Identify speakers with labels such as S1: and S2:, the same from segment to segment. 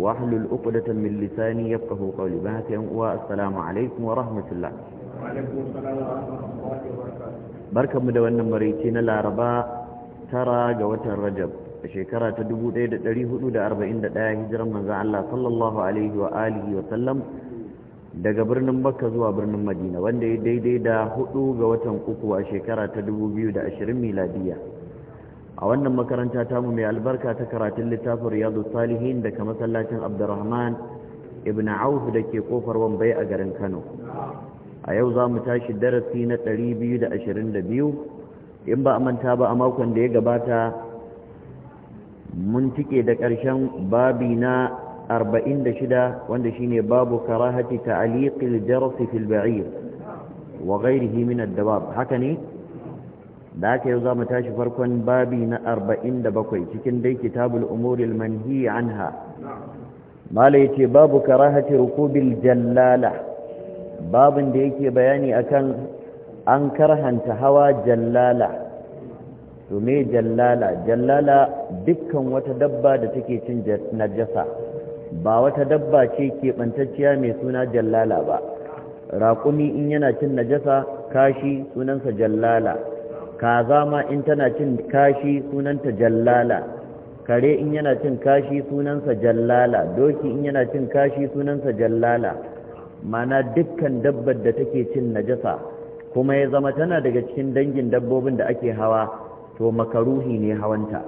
S1: واحلل عقدة من لساني يفقه قولي بهك يا السلام عليكم ورحمة الله وعليكم السلام ورحمة الله وبركاته بركة مدونا مريتين العرباء ترى جوة الرجب الشيكرة تدبو تيد تريه أولود أربعين دقاء هجرة من الله صلى الله عليه وآله وسلم daga birnin Makka zuwa birnin Madina wanda ya daidai da hudu ga watan uku a shekara ta 2020 miladiya a wannan makaranta tamu mai albarka ta karatun littafin riyadu salihin daga masallacin abdurrahman ibn auf da ke kofar wambai a garin kano a yau za mu tashi darasi na 222 in ba a manta ba a makon da ya gabata mun da ƙarshen babi na 46 wanda shine babu karahati ta jarsi fil ba'ir wa ghayrihi min ad haka ne da haka yau za mu tashi farkon babi na arba'in da bakwai cikin dai kitabul umuril manhi anha mala yace babu karahati rukubil jallala babin da yake bayani akan an karhanta hawa jallala to me jallala jallala dukkan wata dabba da take cin najasa ba wata dabba ce keɓantacciya mai suna jallala ba raƙumi in yana cin najasa kashi sunansa jallala kaza ma in tana cin kashi sunanta jallala kare in yana cin kashi sunansa jallala doki in yana cin kashi sunansa jallala mana dukkan dabbar da take cin najasa kuma ya zama tana daga cikin dangin dabbobin da ake hawa to makaruhi ne hawanta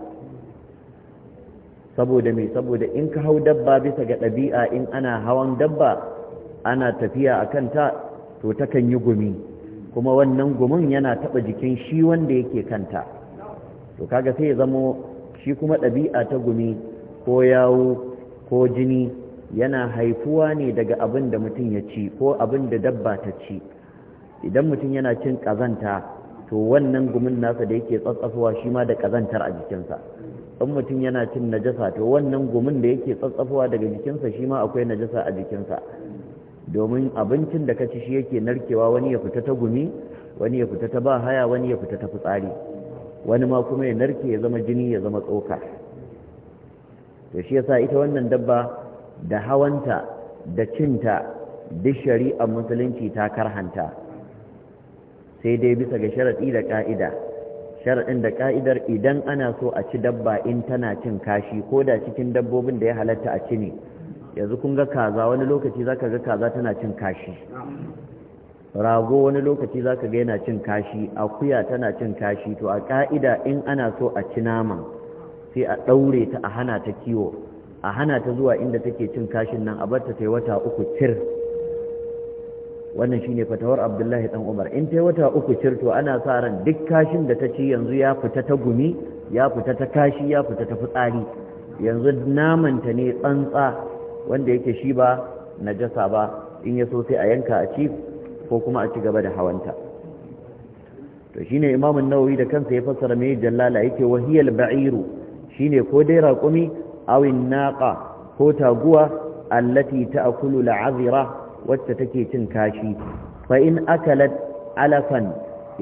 S1: saboda me saboda in ka hau dabba bisa ga ɗabi'a in ana hawan dabba ana tafiya a kanta to takan yi gumi kuma wannan gumin yana taba jikin shi wanda yake kanta to kaga sai ya zamo shi kuma ɗabi'a ta gumi ko yawo ko jini yana haifuwa ne daga abin da mutum ya ci ko abin da dabba ta ci idan mutum yana cin ƙazanta to wannan gumin nasa da yake tsatsafuwa shi ma da ƙazantar a jikinsa in mutum yana cin najasa to wannan gumin da yake tsatsafuwa daga jikinsa shi ma akwai najasa a jikinsa domin abincin da ka ci shi yake narkewa wani ya fita ta gumi wani ya fita ta ba haya wani ya fita ta fitsari wani ma kuma ya narke ya zama jini ya zama tsoka to shi yasa ita wannan dabba da hawanta da cinta duk shari'ar musulunci ta karhanta sai dai bisa ga sharaɗi da ƙa'ida sharaɗin da ƙa'idar idan ana so a ci dabba in tana cin kashi ko da cikin dabbobin da ya halatta a ci ne yanzu kun ga kaza wani lokaci ka ga kaza tana cin kashi rago wani lokaci za ka ga yana cin kashi akuya tana cin kashi to a ka'ida in ana so a ci naman sai a ɗaure ta a hana ta kiwo a hana ta zuwa inda take cin kashin nan a barta ta yi wata uku cir wannan shine fatawar Abdullahi dan Umar in ta yi wata uku cir to ana sa ran duk kashin da ta ci yanzu ya fita ta gumi ya fita ta kashi ya fita ta fitsari yanzu namanta ne tsantsa wanda yake shi ba najasa ba in ya so sai a yanka a ci ko kuma a ci gaba da hawanta to shine Imam nawawi da kansa ya fassara mai jallala yake wahiyal ba'iru shine ko dai raqumi aw naqa ko taguwa allati ta'kulu al-'azira wacce take cin kashi fa in akalat alafan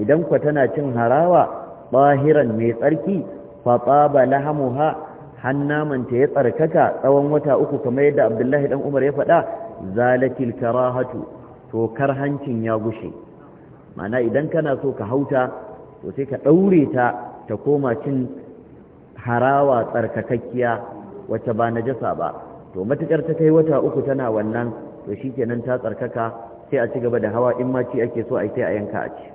S1: idan ku tana cin harawa bahiran mai tsarki fa taba lahamuha hannamanta ya tsarkaka tsawon wata uku kamar yadda abdullahi dan umar ya faɗa zalatil karahatu to kar karhancin ya gushe mana idan kana so ka hauta to sai ka ɗaure ta ta koma cin harawa tsarkakakkiya wacce ba najasa ba to matukar ta kai wata uku tana wannan to shikenan ta tsarkaka sai a ci gaba da hawa in ma ci ake so a sai a yanka a ci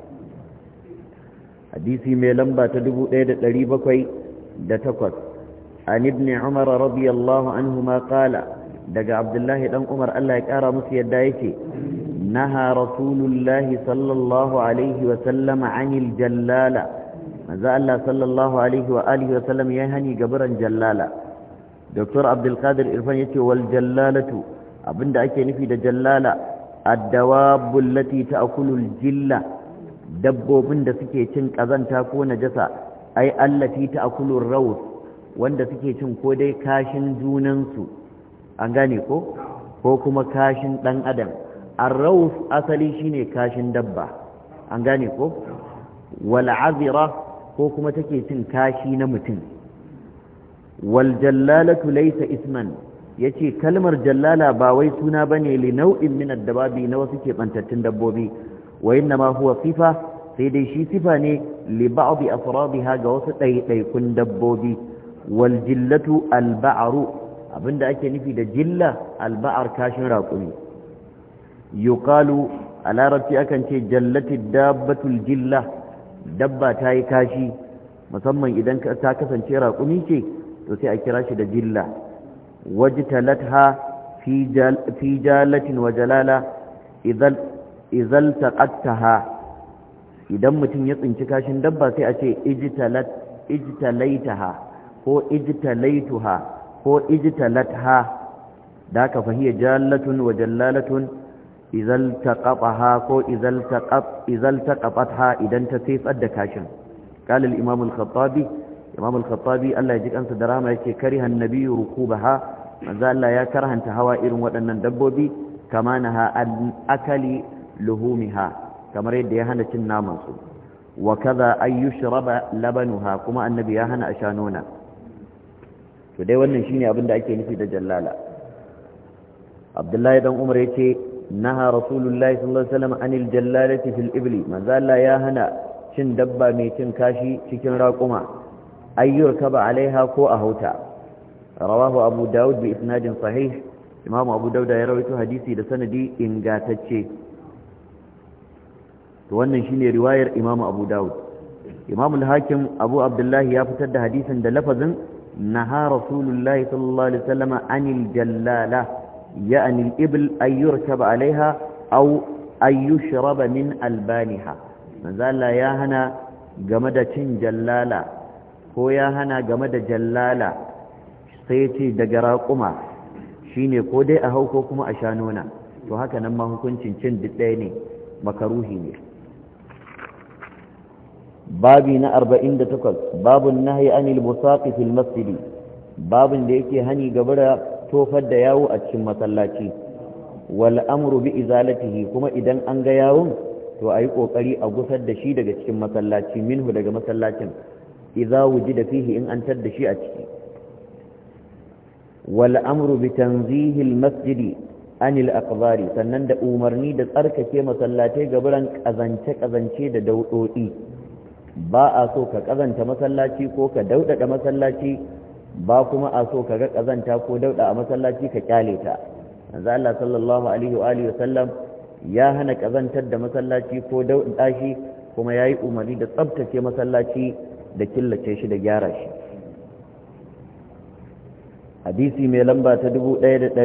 S1: hadisi mai lamba ta dubu da da bakwai takwas. an umar radiyallahu anhuma qala daga abdullahi dan umar Allah ya kara musu yadda yake naha rasulullahi sallallahu alaihi wa sallama anil jallala manzo Allah sallallahu alaihi wa alihi ya hani gabaran jallala Dr. Abdul Qadir Irfan yace wal jallalatu abinda ake nufi da jallala ad-dawabu allati ta'kulu jilla dabbobin da suke cin kazanta ko najasa ai allati ta'kulu ar wanda suke cin ko dai kashin junansu an gane ko ko kuma kashin ɗan adam arrauf asali shine kashin dabba an gane ko wal'azira ko kuma take cin kashi na mutum waljallalatu laysa isman yace kalmar jallala ba wai suna bane li nau'in min addababi na wasu bantattun dabbobi wa innama huwa sifa sai dai shi sifa ne li ba'd afradiha ga wasu ɗaiɗaikun dabbobi wal jillatu al abinda ake nufi da jilla al ba'ar kashin raƙumi yuqalu a larabci akan ce jallati dabbatul jilla dabba ta yi kashi musamman idan ta kasance raƙumi ce to sai a kira shi da jilla ha fi jalatin wa jalala izal ha idan mutum ya tsinci kashin dabba sai a ce ijtalaitaha ko ijtalaituha ko ijtalatha da ka fahiyya jallatun wa jallalatun idan taqataha ko idan idan ta tsifar da kashin qala al-imam al-khattabi imam al khattabi Allah ji kansa da rama yake kariha an-nabi rukubaha manzo ya karhanta hawa irin waɗannan dabbobi kama naha al-akali luhumiha kamar yadda ya hana cin namansu wa kaza ay yushraba labanuha kuma annabi ya hana ashanona nona to dai wannan shine abin da ake nufi da jallala abdullahi dan umar yace naha rasulullahi sallallahu alaihi wasallam anil jallalati fil ibli manzo Allah ya hana cin dabba mai cin kashi cikin raƙuma ayyur kaba alaiha ko a hauta rawahu abu daud bi isnadin sahih imam abu dauda ya rawaito hadisi da sanadi ingatacce to wannan shine riwayar imam abu daud imam al-hakim abu abdullahi ya fitar da hadisin da lafazin نهى رسول الله صلى الله عليه وسلم عن الجلالة يعني الإبل أن يركب عليها أو أن يشرب من ألبانها مازال يا هنا جمدة جلالة هو يا هنا جمدة جلالة سيتي دقراقما شيني ko dai a أشانونا ko kuma a shanona to haka مكروهيني babi na 48 babun nahyi anil busaqi fil masjid babun da yake hani gabara tofar da yawo a cikin masallaci wal amru bi izalatihi kuma idan an ga yawon to ayi kokari a gusar da shi daga cikin masallaci minhu daga masallacin idza wujida fihi in an tar da shi a ciki wal amru bi tanzihi al masjid anil aqbari sannan da umarni da tsarkake masallatai gabaran kazance kazance da daudodi ba a so ka kazanta masallaci ko ka daudada masallaci ba kuma a so ka ga kazanta ko dauda a masallaci ka kyale ta manzo Allah sallallahu alaihi wa alihi wasallam ya hana kazantar da masallaci ko dauda shi kuma yayi umarni da tsabtace masallaci da killace shi da gyara shi hadisi mai lamba ta 1709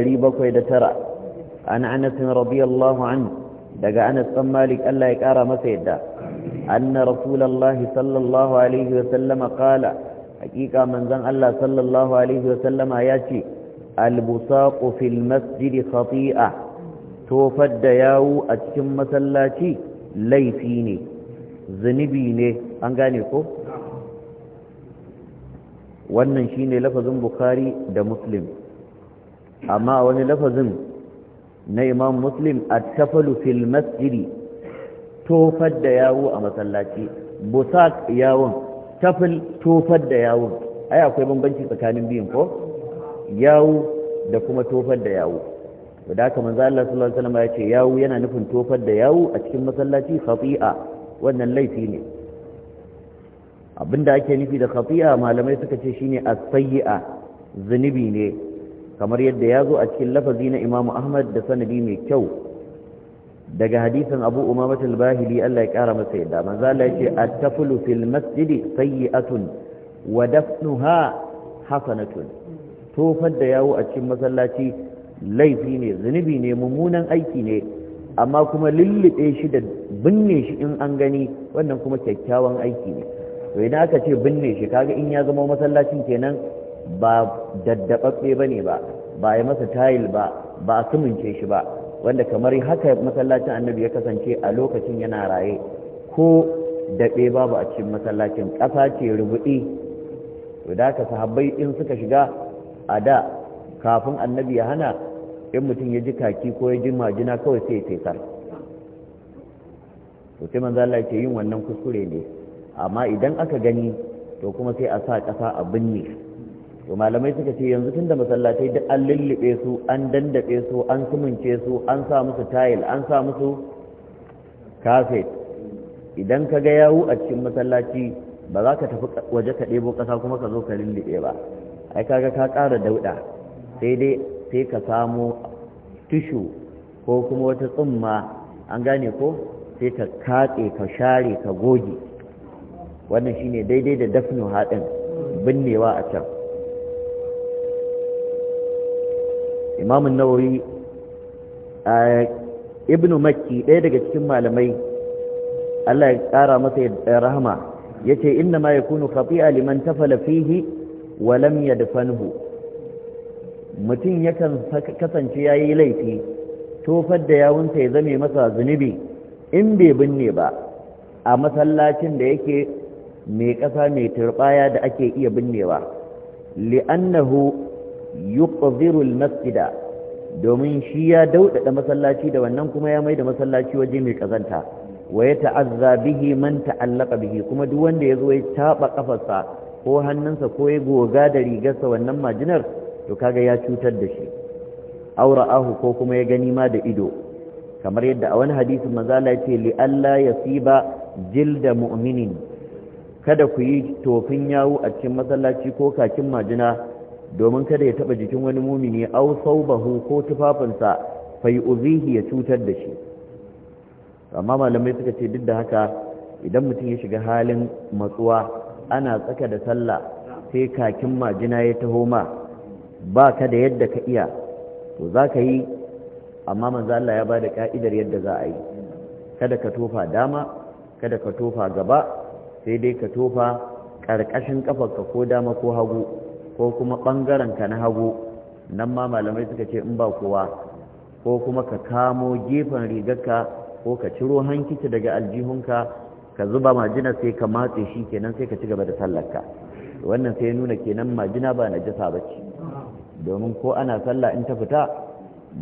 S1: an Anas radiyallahu anhu daga Anas bin Malik Allah ya kara masa yadda أن رسول الله صلى الله عليه وسلم قال حقيقة من ذن الله صلى الله عليه وسلم ياتي البساق في المسجد خطيئة توفد ياو أتشم مسلاتي ليفيني ذنبيني أنقانيكو wannan shine lafazin bukhari da muslim amma wani lafazin na imam muslim at-tafalu fil masjidi tofar da yawo a masallaci busak yawon tafil tofar da yawon ai akwai bambanci tsakanin biyun ko yawo da kuma tofar da yawo to da haka manzo Allah sallallahu alaihi wasallam ya ce yawo yana nufin tofar da yawo a cikin masallaci khati'a wannan laifi ne abinda ake nufi da khati'a malamai suka ce shine as-sayyi'a zunubi ne kamar yadda ya zo a cikin lafazi na Imam Ahmad da sanadi mai kyau daga hadisin abu umamat al-bahili Allah ya kara masa yadda manzo Allah ya at-taflu fil masjid sayyi'atun wa dafnuha hasanatun da yawo a cikin masallaci laifi ne zunubi ne mummunan aiki ne amma kuma lillibe shi da binne shi in an gani wannan kuma kyakkyawan aiki ne to idan aka ce binne shi kaga in ya zama masallacin kenan ba daddabatse bane ba ba ya masa tayil ba ba a sumunce shi ba wanda kamar haka masallacin annabi ya kasance a lokacin yana raye ko daɓe babu a cikin masallacin ƙasa ce rubuɗi to da ka sahabbai in suka shiga a da kafin annabi ya hana in mutum ya ji kaki ko ya ji majina kawai sai ya tekar to sai manzo Allah yin wannan kuskure ne amma idan aka gani to kuma sai a sa ƙasa a binne to malamai suka ce yanzu tunda masallatai duk an lullube su an dandabe su an sumunce su an sa musu tayil an sa musu kafet idan ka ga yawo a cikin masallaci ba za ka tafi waje ka ɗebo ƙasa kuma ka zo ka lullube ba ai kaga ka ƙara dauɗa sai dai sai ka samo tishu ko kuma wata tsumma an gane ko sai ka katse ka share ka goge wannan shine daidai da dafnu haɗin binnewa a can imamun nawawi a ibnu makki ɗaya daga cikin malamai Allah ya ƙara masa rahama ya ce inna ma ya kunu khati'a liman tafala fihi wa lam yadfanhu mutum yakan kasance ya yi laifi tofar da yawunsa ya zame masa zunubi in bai binne ba a masallacin da yake mai ƙasa mai turbaya da ake iya binnewa li'annahu yuqziru masjida domin shi ya daudada masallaci da wannan kuma ya mai da masallaci waje mai kazanta wa ya ta'azza bihi man ta'allaka bihi kuma duk wanda ya zo ya taba kafarsa ko hannunsa ko ya goga da rigarsa wannan majinar to kaga ya cutar da shi aura ahu ko kuma ya gani ma da ido kamar yadda a wani hadisi manzo Allah ya li alla yasiba jilda mu'minin kada ku yi tofin yawo a cikin masallaci ko kakin majina domin kada ya taba jikin wani mumini au saubahu ko tufafinsa fai uzihi ya cutar da shi amma malamai suka ce duk da haka idan mutum ya shiga halin matsuwa ana tsaka da sallah sai kakin majina ya taho ma ba ka da yadda ka iya to za ka yi amma manzo Allah ya bada ka'idar yadda za a yi kada ka tofa dama kada ka tofa gaba sai dai ka tofa ƙarƙashin ƙafarka ko dama ko hagu ko kuma ɓangaren ka na hagu nan ma malamai suka ce in ba kowa ko kuma ka kamo gefen rigarka ko ka ciro hankici daga aljihunka ka zuba majina sai ka matse shi kenan sai ka ci gaba da sallarka wannan sai nuna kenan majina ba na jasa ba ce domin ko ana sallah in ta fita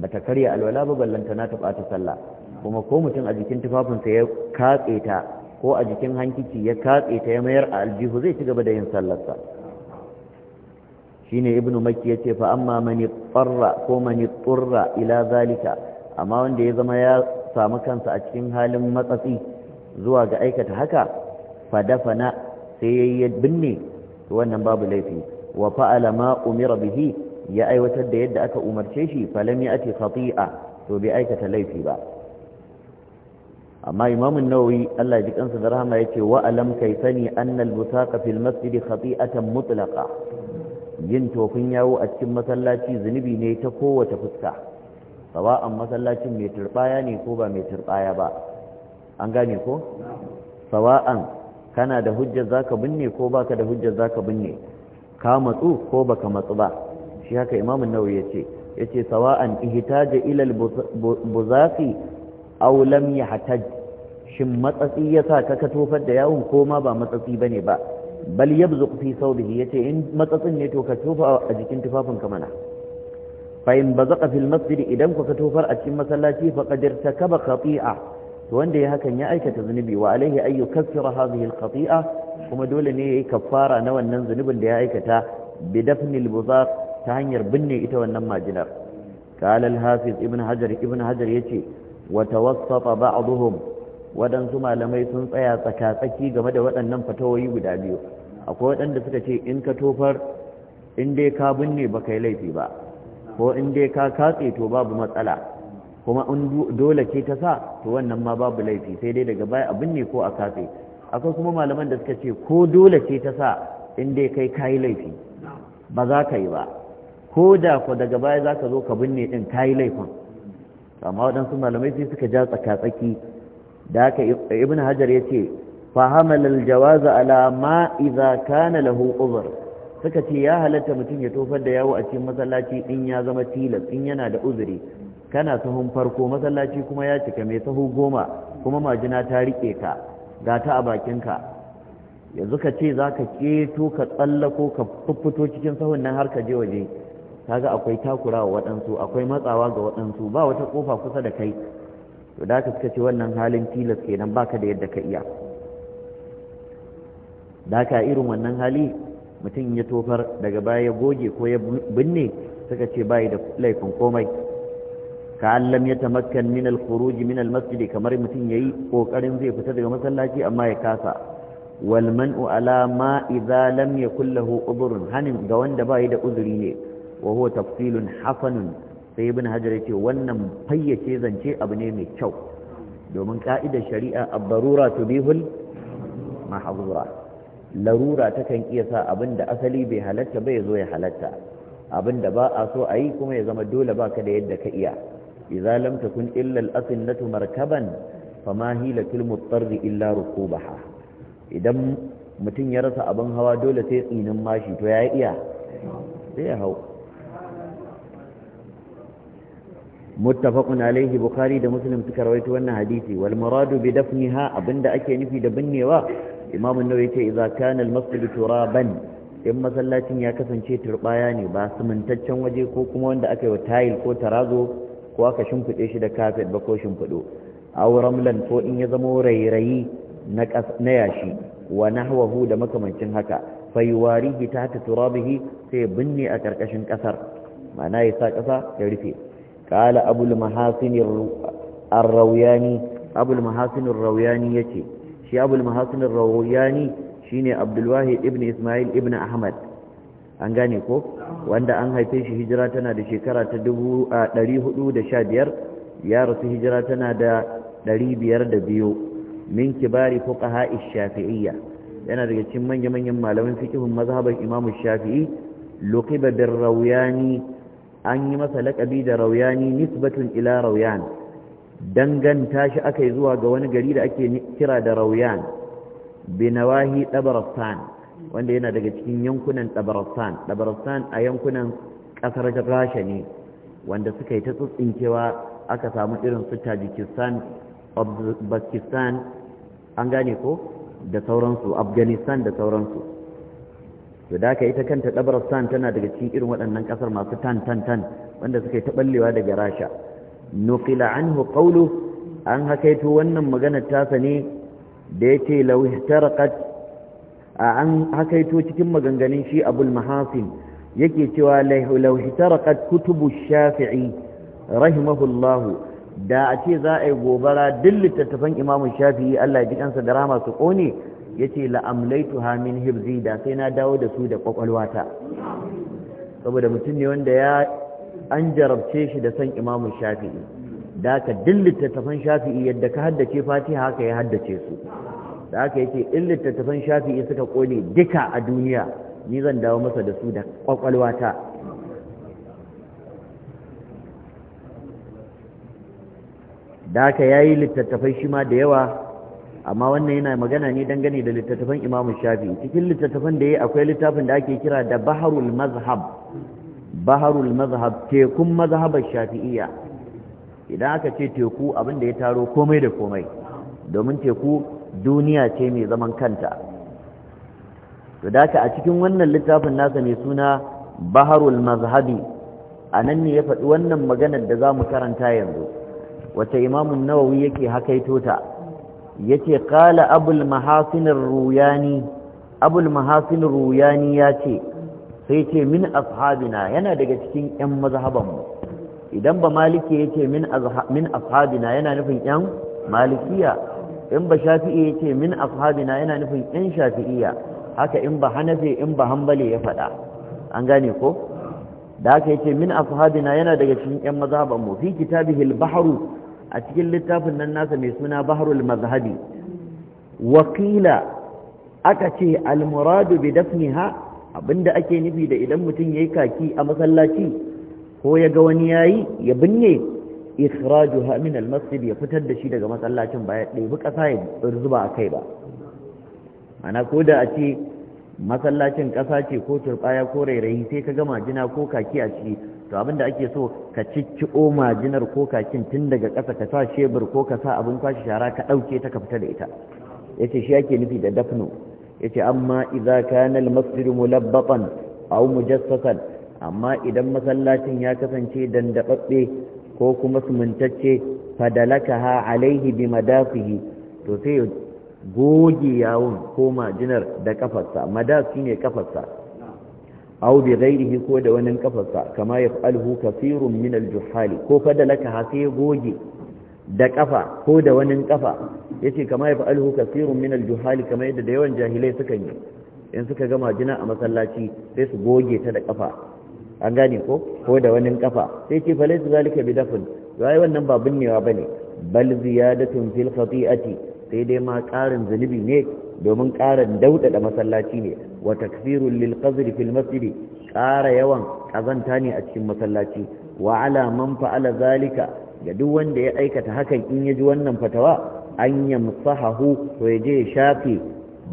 S1: ba ta karya alwala ba ballanta na ta ɓata sallah kuma ko mutum a jikin tufafinsa ya katse ta ko a jikin hankici ya katse ta ya mayar a aljihu zai ci gaba da yin sallarsa shine ibnu makki yace fa amma man ittara ko man ittara ila zalika amma wanda ya zama ya samu kansa a cikin halin matsatsi zuwa ga aikata haka fa dafana sai ya binne wannan babu laifi wa fa'ala ma umira bihi ya aiwatar da yadda aka umarce shi falam ya'ti khati'a to bai aikata laifi ba amma imamun nawawi Allah ya ji kansa da rahama yace wa alam kaifani anna al-busaqa fil masjid khati'atan mutlaqa yin tofin yawo a cikin masallaci zunubi ne ta kowace fuska sawa'an masallacin mai turbaya ne ko ba mai turbaya ba an gane ko sawa'an kana da hujjar zaka binne ko baka da hujjar zaka binne ka matsu ko baka matsu ba shi haka imamu nawawi yace yace sawa'an ihtaja ila al-buzafi aw lam yahtaj shin matsatsi yasa ka tofar da yawon ko ma ba matsatsi bane ba bal yabzuq fi thawbihi yace in matsatsin ne to ka tofa a jikin tufafin ka mana fa in bazaqa fil masjid idan kuka ka tofar a cikin masallaci fa qadir takaba khati'a to wanda ya hakan ya aikata zunubi wa alaihi ay yukaffira hadhihi al khati'a kuma dole ne yayi kaffara na wannan zunubin da ya aikata bi dafnil buzaq ta hanyar binne ita wannan majinar قال الحافظ ابن حجر ابن حجر يتي وتوسط بعضهم waɗansu malamai sun tsaya tsaka-tsaki game da waɗannan fatawoyi guda biyu akwai waɗanda suka ce in ka tofar in dai ka binne ba kai laifi ba ko in dai ka katse to babu matsala kuma in dole ce ta sa to wannan ma babu laifi sai dai daga baya a binne ko a katse akwai kuma malaman da suka ce ko dole ce ta sa in dai kai kayi laifi ba za ka yi ba ko da ko daga baya za ka zo ka binne ka kayi laifin amma waɗansu malamai sai suka ja tsaka-tsaki da haka ibn hajar ya ce fahamal aljawaza ala ma idza kana lahu uzr suka ce ya halatta mutum ya tofar da yawo a cikin masallaci in ya zama tilas in yana da uzuri kana sahun farko masallaci kuma ya cika mai sahu goma kuma majina ta rike ka ga ta a bakinka yanzu ka ce za ka keto ka tsallako ka fito cikin sahun nan har ka je waje kaga akwai takurawa waɗansu akwai matsawa ga waɗansu ba wata kofa kusa da kai to da ka suka ce wannan halin tilas kenan baka da yadda ka iya da ka irin wannan hali mutum ya tofar daga baya ya goge ko ya binne suka ce bayi da laifin komai ka allam ya tamakkan min al-khuruj min kamar mutum yayi kokarin zai fita daga masallaci amma ya kasa wal man'u ala ma idza lam yakul lahu udhrun hanin ga wanda bayi da uzuri ne wa huwa tafsilun hasanun sai ibn hajar ce wannan fayyace zance abu ne mai kyau domin ka'idar shari'a barura tubihul mahzura larura takan iya sa abin da asali bai halatta bai zo ya halatta abin da ba a so a yi kuma ya zama dole baka da yadda ka iya idza lam takun illa al-asinnatu markaban fama hilatul mutarri illa rukubaha idan mutum ya rasa abin hawa dole sai tsinin mashi to ya iya sai ya hau muttafaqun alaihi bukhari da muslim suka rawaito wannan hadisi wal muradu bi dafniha abinda ake nufi da binnewa imam an-nawawi yace idza kana al-masjid turaban in masallacin ya kasance turbaya ne ba sumuntaccen waje ko kuma wanda aka yi wa tayil ko tarazo ko aka shimfide shi da kafet ba ko shimfido aw ramlan ko in ya zama rairayi na na yashi wa nahwahu da makamancin haka fayuwarihi tahta turabihi sai binne a karkashin kasar ma'ana ya sa kasa ya rufe قال أبو المحاسن الروياني أبو المحاسن الروياني يتي شي أبو المحاسن الروياني شيني عبد الواحد ابن ابن an gane ko wanda an haife shi hijira tana da shekara ta 415 ya rasu hijira tana da 502 min kibari fuqaha ash-shafi'iyya yana daga cikin manya-manyan malaman fikihun mazhabar Imam Shafi'i luqiba bir-rawiyani an yi masa laƙabi da rauyani nisbatun ila rauyan danganta shi aka yi zuwa ga wani gari da ake kira da rauyan binawahi ɗabarastan wanda yana daga cikin yankunan ɗabarastan ɗabarastan a yankunan ƙasar rasha ne wanda suka yi ta tsintsinkewa aka samu irin su tajikistan uzbekistan an gane ko da sauransu afghanistan da sauransu to da ka ita kanta dabaristan tana daga cikin irin waɗannan ƙasar masu tan tan tan wanda suka yi taɓallewa daga rasha nukila anhu qawlu an hakaito wannan maganar tasa ne da yace law an hakaito cikin maganganun shi abul mahasin yake cewa law ihtaraqat kutubu shafi'i rahimahullahu da a ce za a yi gobara duk littattafan imamu shafi'i Allah ya ji kansa da rama su kone yace la'amlaituha min hibzi da sai na dawo da su da kwakwalwata saboda mutum ne wanda ya an jarabce shi da son imamu shafi'i da ka din littattafan shafi'i yadda ka haddace fatiha haka ya haddace su da haka yake in littattafan shafi'i suka kone duka a duniya ni zan dawo masa da su da kwakwalwata da haka ya littattafai shi ma da yawa amma wannan yana magana ne dangane da littattafan Imam shafi cikin littattafan da ya akwai littafin da ake kira da Baharul Mazhab Baharul Mazhab tekun mazhabar Shafi'iyya idan aka ce teku abin da ya taro komai da komai domin teku duniya ce mai zaman kanta to daka a cikin wannan littafin nasa mai suna Baharul Mazhabi nan ne ya faɗi wannan maganar da zamu karanta yanzu wace Imam Nawawi yake hakaito ta yace qala abul mahasin ruyani abul mahasin ruyani yace sai ce min ashabina yana daga cikin yan mazhabanmu idan ba maliki yace min min ashabina yana nufin yan malikiya in ba shafi'i ya ce min ashabina yana nufin ƴan shafi'iya haka in ba hanafe, in ba hambale ya faɗa an gane ko da haka yace min ashabina yana daga cikin yan mazhabanmu fi kitabihil bahru a cikin littafin nan nasa mai suna baharul mazhabi wakila aka ce almuradu bi dafniha abinda ake nufi da idan mutum ya yi kaki a masallaci ko ya ga wani yayi ya binne ikhrajuha min almasjid ya fitar da shi daga masallacin ba ya ɗebi ƙasa ya zuba a kai ba ana ko da a ce masallacin ƙasa ce ko turɓaya ko rairayi sai ka gama jina ko kaki a ciki to abin da ake so ka ciccio majinar ko kakin tun daga ƙasa ka sa shebur ko ka sa abin kwashe shara ka ɗauke ta ka fita da ita Ya ce shi ake nufi da dafnu yace amma idza kana masjid mulabbatan aw mujassasan amma idan masallacin ya kasance dandababbe ko kuma sumuntacce fadalakaha alaihi bi madafihi to sai goge yawon ko majinar da kafarsa madaf shine kafarsa aw bi ghairihi ko da wani kafarsa kama yaf'aluhu kathirun min al-juhali ko kada laka hake goge da kafa ko da wani kafa yace kama yaf'aluhu kathirun min al-juhali kama yadda da yawan jahilai suka yi in suka gama jina a masallaci sai su goge ta da kafa an gane ko ko da wani kafa sai ce laysa zalika bidafin wai wannan ba binnewa bane bal ziyadatun fil khati'ati sai dai ma ƙarin zunubi ne domin ƙarin da masallaci ne wa takfirun lil qazr fil masjid ƙara yawan ƙazanta ne a cikin masallaci wa ala man fa'ala zalika ga duk wanda ya aikata hakan in ya ji wannan fatawa an yamsahahu to ya je shafe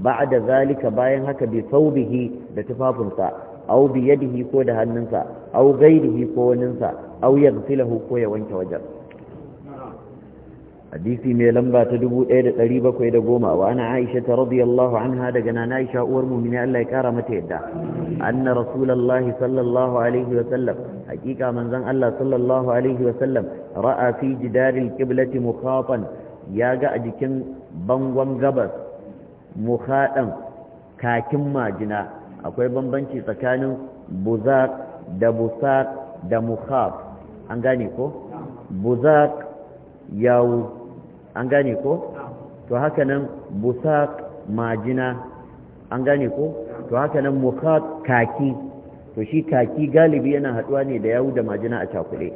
S1: ba'da zalika bayan haka bi saubihi da tufafinsa aw bi yadihi ko da hannunsa aw gairihi ko waninsa aw yaghsilahu ko ya wanke wajen hadisi mai lamba ta 1710 wa ana aisha ta radiyallahu anha daga nana aisha uwar mu'mini Allah ya kara mata yadda anna rasulullahi sallallahu alaihi wa sallam hakika manzon Allah sallallahu alaihi wa sallam ra'a fi jidaril qiblati mukhatan ya ga a jikin bangon gabas mukhadan kakin majina akwai bambanci tsakanin buzaq da busaq da mukhaf an gane ko buzaq yawo an gane ko to haka nan busaq majina an gane ko to haka nan mukhat kaki to shi kaki galibi yana haduwa ne da yawu da majina a cakure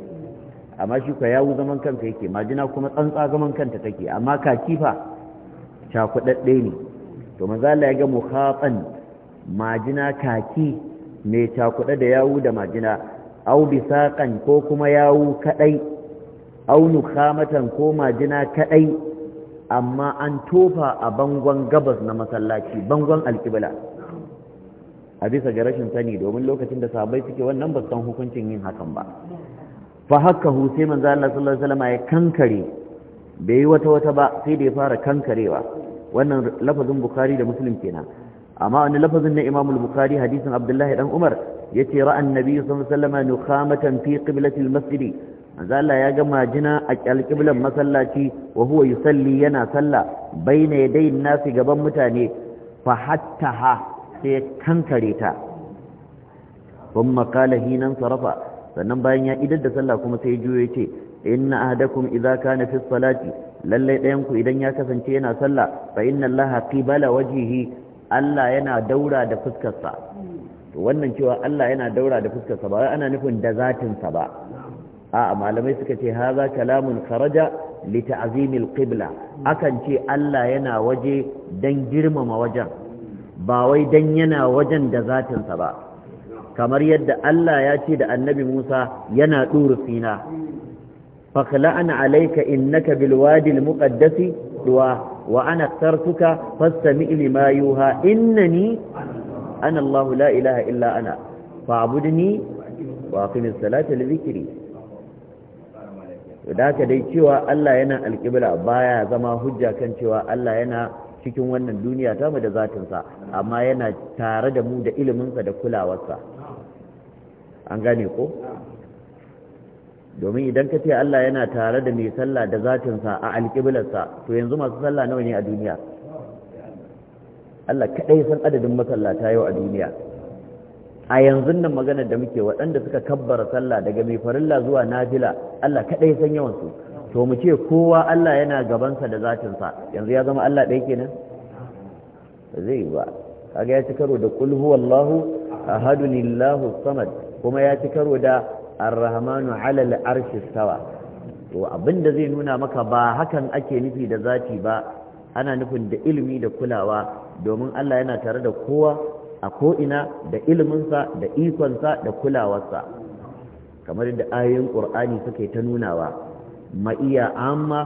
S1: amma shi ko yawu zaman kanta yake majina kuma tsantsa zaman kanta take amma kaki fa cakudadde ne to manzo Allah ya ga mukhatan majina kaki mai cakuɗe da yawu da majina au bisaqan ko kuma yawu kadai aunu khamatan ko majina kaɗai amma an tofa a bangon gabas na masallaci bangon alkibla a bisa ga rashin sani domin lokacin da sahabbai suke wannan ba san hukuncin yin hakan ba fa haka hu sai manzo Allah sallallahu alaihi wasallam ya kankare bai yi wata wata ba sai da ya fara kankarewa wannan lafazin bukhari da muslim kenan amma wani lafazin na imamul bukhari hadisin abdullahi dan umar yace ra'an nabi sallallahu alaihi wasallam nukhamatan fi qiblatil masjidi manzo Allah ya gama jina a alƙiblan masallaci wa huwa yusalli yana salla baina yadayin nasi gaban mutane fa ha sai kankare ta thumma qala hinan sarafa sannan bayan ya idar da sallah kuma sai juyo yace inna ahadakum idza kana fi salati lalle ɗayan ku idan ya kasance yana salla fa inna allaha qibala wajhihi Allah yana daura da fuskarsa to wannan cewa Allah yana daura da fuskarsa ba ana nufin da zatinsa ba a'a malamai suka ce haza kalamun kharaja li ta'zimil qibla akan ce Allah yana waje dan girmama wajen ba wai dan yana wajen da zatansa ba kamar yadda Allah ya ce da annabi Musa yana ɗuru sina fakla'ana alaika innaka bilwadil muqaddasi duwa wa ana tartuka fastami lima yuha innani ana Allah la ilaha illa ana fa'budni wa aqimis salata li dhikri da haka dai cewa Allah yana alƙibla baya zama hujja kan cewa Allah yana cikin wannan duniya tamu da zatinsa amma yana tare da mu da iliminsa da kulawarsa an gane ko domin idan ka ce Allah yana tare da mai sallah da zatinsa a alƙiblarsa to yanzu masu sallah nawa ne a duniya Allah kaɗai san adadin masallata yau a duniya a yanzu nan magana da muke waɗanda suka kabbara sallah daga mai farilla zuwa nafila Allah kaɗai san yawansu to mu ce kowa Allah yana gabansa da zatinsa yanzu ya zama Allah ɗaya kenan zai yi ba kaga ya ci karo da kul huwallahu ahadun illahu samad kuma ya ci karo da arrahmanu ala al-arshi sawa to abinda zai nuna maka ba hakan ake nufi da zati ba ana nufin da ilimi da kulawa domin Allah yana tare da kowa a ko'ina da ilminsa da ikonsa da kulawarsa kamar da ayoyin ƙur'ani suke ta nunawa ma'iya amma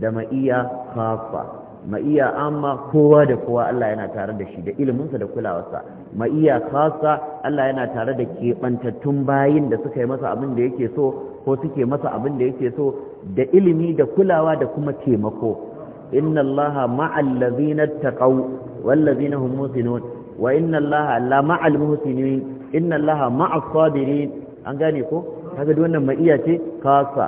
S1: da ma'iya kafa ma'iya amma kowa da kowa Allah yana tare da shi da iliminsa da kulawarsa ma'iya kasa Allah yana tare da keɓantattun bayin da suka yi masa abin da yake so ko suke masa abin da yake so da ilimi da kulawa da kuma taimako inna allaha ma'al taqaw wal hum muhsinun wa inna allaha la ma'al muhsinin inna allaha ma'as sabirin an gane ko kaga duk wannan ma'iya ce kasa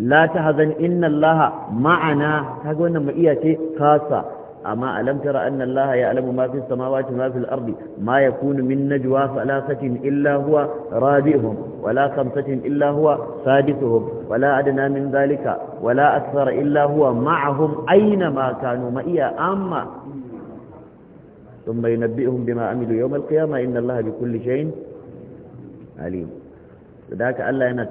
S1: la tahzan inna allaha ma'ana kaga wannan iya ce kasa amma alam tara anna allaha ya'lamu ma fis samawati ma fil ardi ma yakunu min najwa thalathatin illa huwa rabi'uhum wala khamsatin illa huwa sadisuhum wala adna min dhalika wala akthara illa huwa ma'ahum aina ma kanu ma iya amma San bai na bi in bi ma Amadu ya yi mulkiyar ma idan yana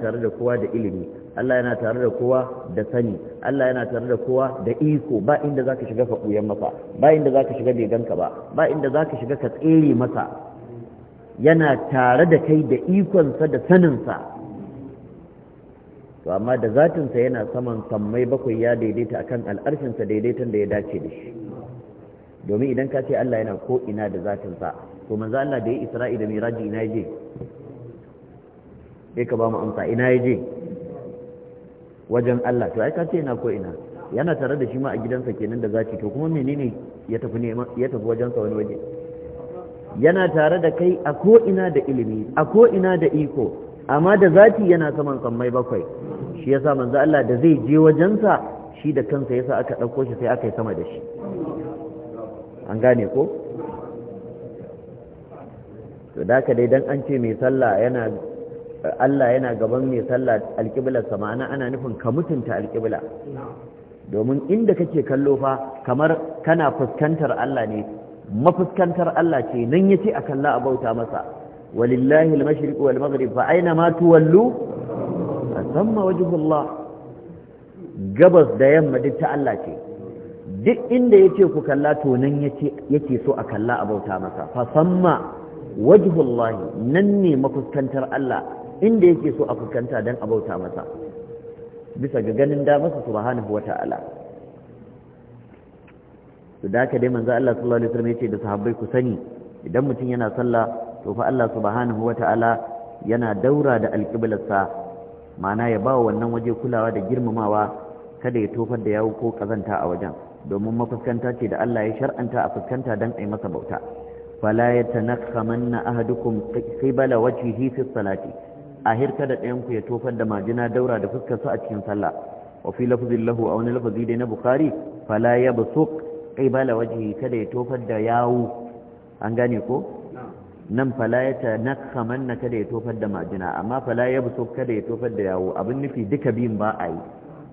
S1: tare da kowa da ilimi, Allah yana tare da kowa da sani, Allah yana tare da kowa da iko ba'in da zaka shiga ka buya maka, ba'in da zaka shiga bai gan ka ba, ba'in da zaka shiga ka tsere maka, yana tare da kai da ikonsa da saninsa, to amma da zatinsa yana saman samai bakwai ya daidaita akan al'ashinsa daidaiton da ya dace da shi. domin idan ka ce Allah yana ko ina da zatin sa to manzo Allah da ya Isra'i da Miraji ina yaje sai ka ba mu amsa ina yaje wajen Allah to ai ka ce yana ko ina yana tare da shi ma a gidansa kenan da zati to kuma menene ya tafi wajensa ya tafi wajen sa wani waje yana tare da kai a ko ina da ilimi a ko ina da iko amma da zati yana saman sammai bakwai shi yasa manzo Allah da zai je wajensa shi da kansa yasa aka dauko shi sai aka yi sama da shi an gane ko to da ka dai dan an ce mai sallah yana Allah yana gaban mai sallah alƙiblar sa ma'ana ana nufin ka mutunta alƙibla domin inda kake kallo fa kamar kana fuskantar Allah ne mafuskantar Allah ce nan yace a kalla a bauta masa walillahi al-mashriq wal maghrib fa aina ma tuwallu thamma wajhu Allah gabas da yamma duk ta Allah ce duk inda yace ku kalla to nan yace yake so a kalla a bauta masa fa samma wajhullahi nan ne mafuskantar Allah inda yake so a fuskanta dan a bauta masa bisa ga ganin da masa subhanahu wata'ala to da ka dai manzo Allah sallallahu alaihi wasallam yace da sahabbai ku sani idan mutum yana sallah to fa Allah subhanahu wata'ala yana daura da alƙiblarsa ma'ana ya ba wannan waje kulawa da girmamawa kada ya tofar da yawo ko kazanta a wajen domin mafuskanta ce da Allah ya shar'anta a fuskanta don a yi masa bauta fala yatanakhamanna ahadukum qibala wajhihi fi salati ahir da ɗayan ku ya tofar da majina daura da fuskar su a cikin sallah wa fi lafzin lahu aw na lafzi dai na bukhari fala yabsuq qibala wajhihi kada ya tofar da yawu an gane ko nan fala ya ta nakhaman na kada ya tofar da majina amma fala ya buso kada ya tofar da yawu abin nufi duka biyun ba a yi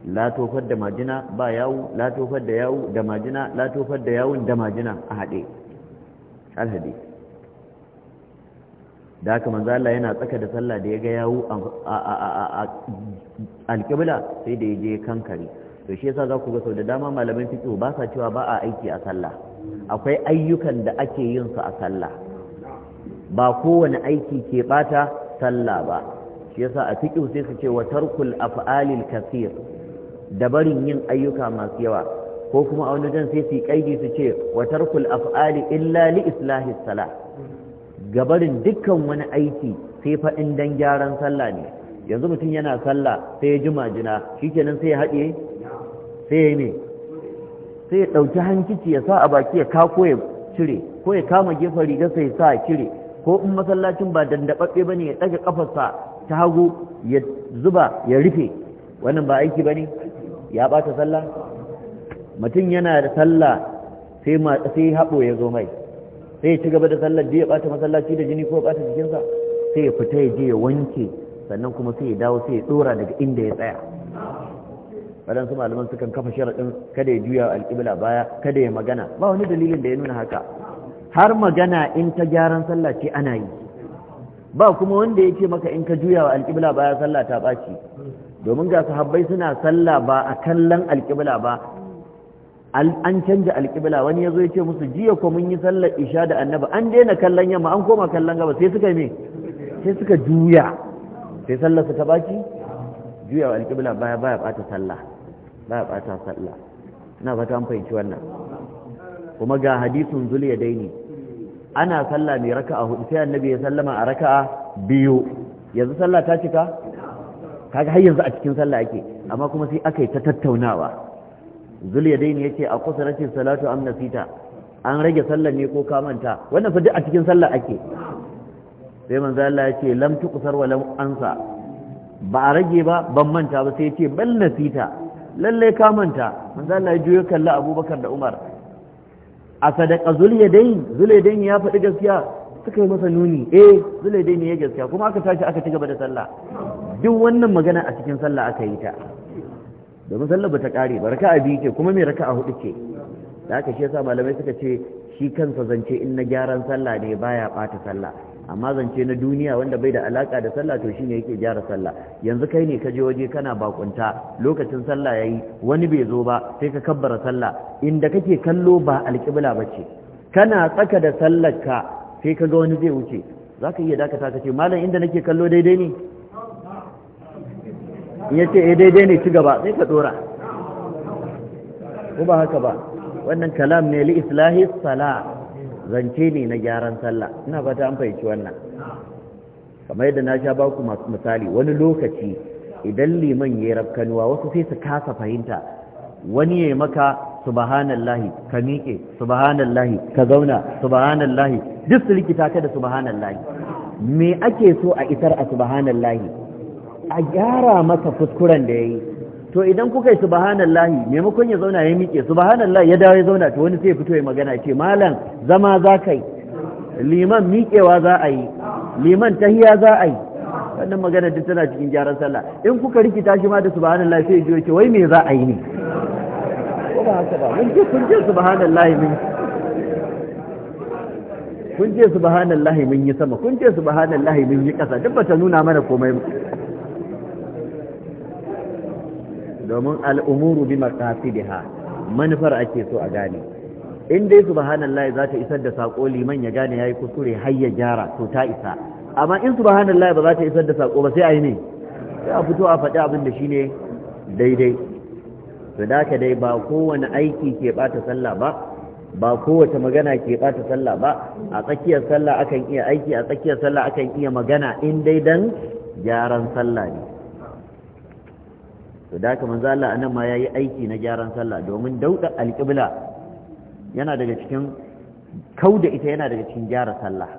S1: la tofar da majina ba yawo la tofar da yawo da majina la tofar da yawon da majina a haɗe alhadi da haka manzo Allah yana tsaka da sallah da ya ga yawo a alƙibla sai da ya je kankare to shi yasa za ku ga sau da dama malamin fiqh ba sa cewa ba a aiki a sallah akwai ayyukan da ake yin su a sallah ba kowane aiki ke bata sallah ba shi yasa a fiqh sai su ce wa tarkul af'alil kathir da barin yin ayyuka masu yawa ko kuma a wani sai su kaidi su ce wa tarkul af'ali illa li islahi sala gabarin dukkan wani aiki sai fa in dan gyaran sallah ne yanzu mutum yana sallah sai ya jima jina shikenan sai ya haɗe sai ya ne sai ya ɗauki hankici ya sa a baki ya kako ya cire ko ya kama gefen riga sai sa ya cire ko in masallacin ba dandaɓaɓɓe ba ne ya ɗaga ƙafarsa ta hagu ya zuba ya rufe wannan ba aiki ba ne ya bata sallah mutum yana da sallah sai sai haɓo ya zo mai sai ya ci gaba da sallar ya bata masallaci da jini ko bata jikinsa sai ya fita ya je ya wanke sannan kuma sai ya dawo sai ya dora daga inda ya
S2: tsaya
S1: su malaman sukan kafa sharadin kada ya juya alƙibla baya kada ya magana ba wani dalilin da ya nuna haka har magana in ta gyaran sallah ce ana yi ba kuma wanda ya ce maka in ka juya wa alƙibla baya sallah ta baci domin ga sahabbai suna sallah ba a kallon alƙibla ba an canja alƙibla wani ya zo ya ce musu jiya ko mun yi sallar isha da annaba an daina kallon yamma an koma kallon gaba sai suka me sai suka juya sai sallar su ta baki juya alƙibla baya baya ɓata sallah baya ɓata sallah ina fata an fahimci wannan kuma ga hadisin zuliya daini ana sallah mai raka'a hudu sai annabi ya sallama a raka'a biyu yanzu sallah ta cika kaga har yanzu a cikin sallah ake amma kuma sai aka yi ta tattaunawa zuliyadaini yace a kusarace salatu am nasita an rage sallah ne ko ka manta wannan fa duk a cikin sallah ake sai manzo Allah yace lam tuqsar wa lam ansa ba a rage ba ban manta ba sai yace bal nasita lalle ka manta manzo Allah ya juyo kalla Abubakar da Umar a sadaka zuliyadain zuliyadain ya faɗi gaskiya suka yi masa nuni eh zulai dai ne ya gaskiya kuma aka tashi aka ci gaba da sallah duk wannan magana a cikin sallah aka yi ta domin sallah ba ta kare ba a biyu ke kuma mai raka'a hudu ke? da aka shi yasa malamai suka ce shi kansa zance in na gyaran sallah ne baya bata sallah amma zance na duniya wanda bai da alaka da sallah to shine yake gyara sallah yanzu kai ne ka je waje kana bakunta lokacin sallah yayi wani bai zo ba sai ka kabbara sallah inda kake kallo ba alƙibla bace kana tsaka da sallar ka. sai ka ga wani zai wuce za ka iya dakata ka ce malam inda nake kallo daidai ne
S2: in ya ce eh, daidai ne ci gaba sai ka
S1: dora ko ba haka ba wannan kalam ne li islahi sala zance ne na gyaran sallah ina ta an fahimci wannan kamar yadda na sha baku misali wani lokaci idan liman ya rafkanuwa wasu sai su kasa fahimta wani ya maka subhanallahi ka miƙe subhanallahi ka zauna subhanallahi duk su rikita ka da subhanallahi me ake so a isar a subhanallahi a gyara masa kuskuren da yayi to idan kuka yi subhanallahi maimakon ya zauna ya miƙe subhanallahi ya dawo ya zauna to wani sai fito ya magana ce malam zama za ka yi liman miƙewa za a yi liman tahiya za a yi wannan magana duk tana cikin gyaran sallah in kuka rikita shi ma da subhanallahi sai ya ce wai me za a yi ne
S2: ko ba haka ba mun je
S1: kun je subhanallahi mun kun je subhanallahi mun yi sama kun je subhanallahi mun yi ƙasa duk bata nuna mana komai ba domin al'umuru bi maqasidiha manufar ake so a gane in dai subhanallahi za ta isar da sako liman ya gane yayi kuskure har ya gyara to ta isa amma in subhanallahi ba za ta isar da sako ba sai a yi ne sai a fito a faɗi abin da shine daidai to da ka dai ba kowane aiki ke bata sallah ba ba kowace magana ke bata sallah ba a tsakiyar sallah akan iya aiki a tsakiyar sallah akan iya magana in dai dan gyaran sallah ne to da ka manzo Allah anan ma yayi aiki na gyaran sallah domin dauda alqibla yana daga cikin kauda ita yana daga cikin gyara sallah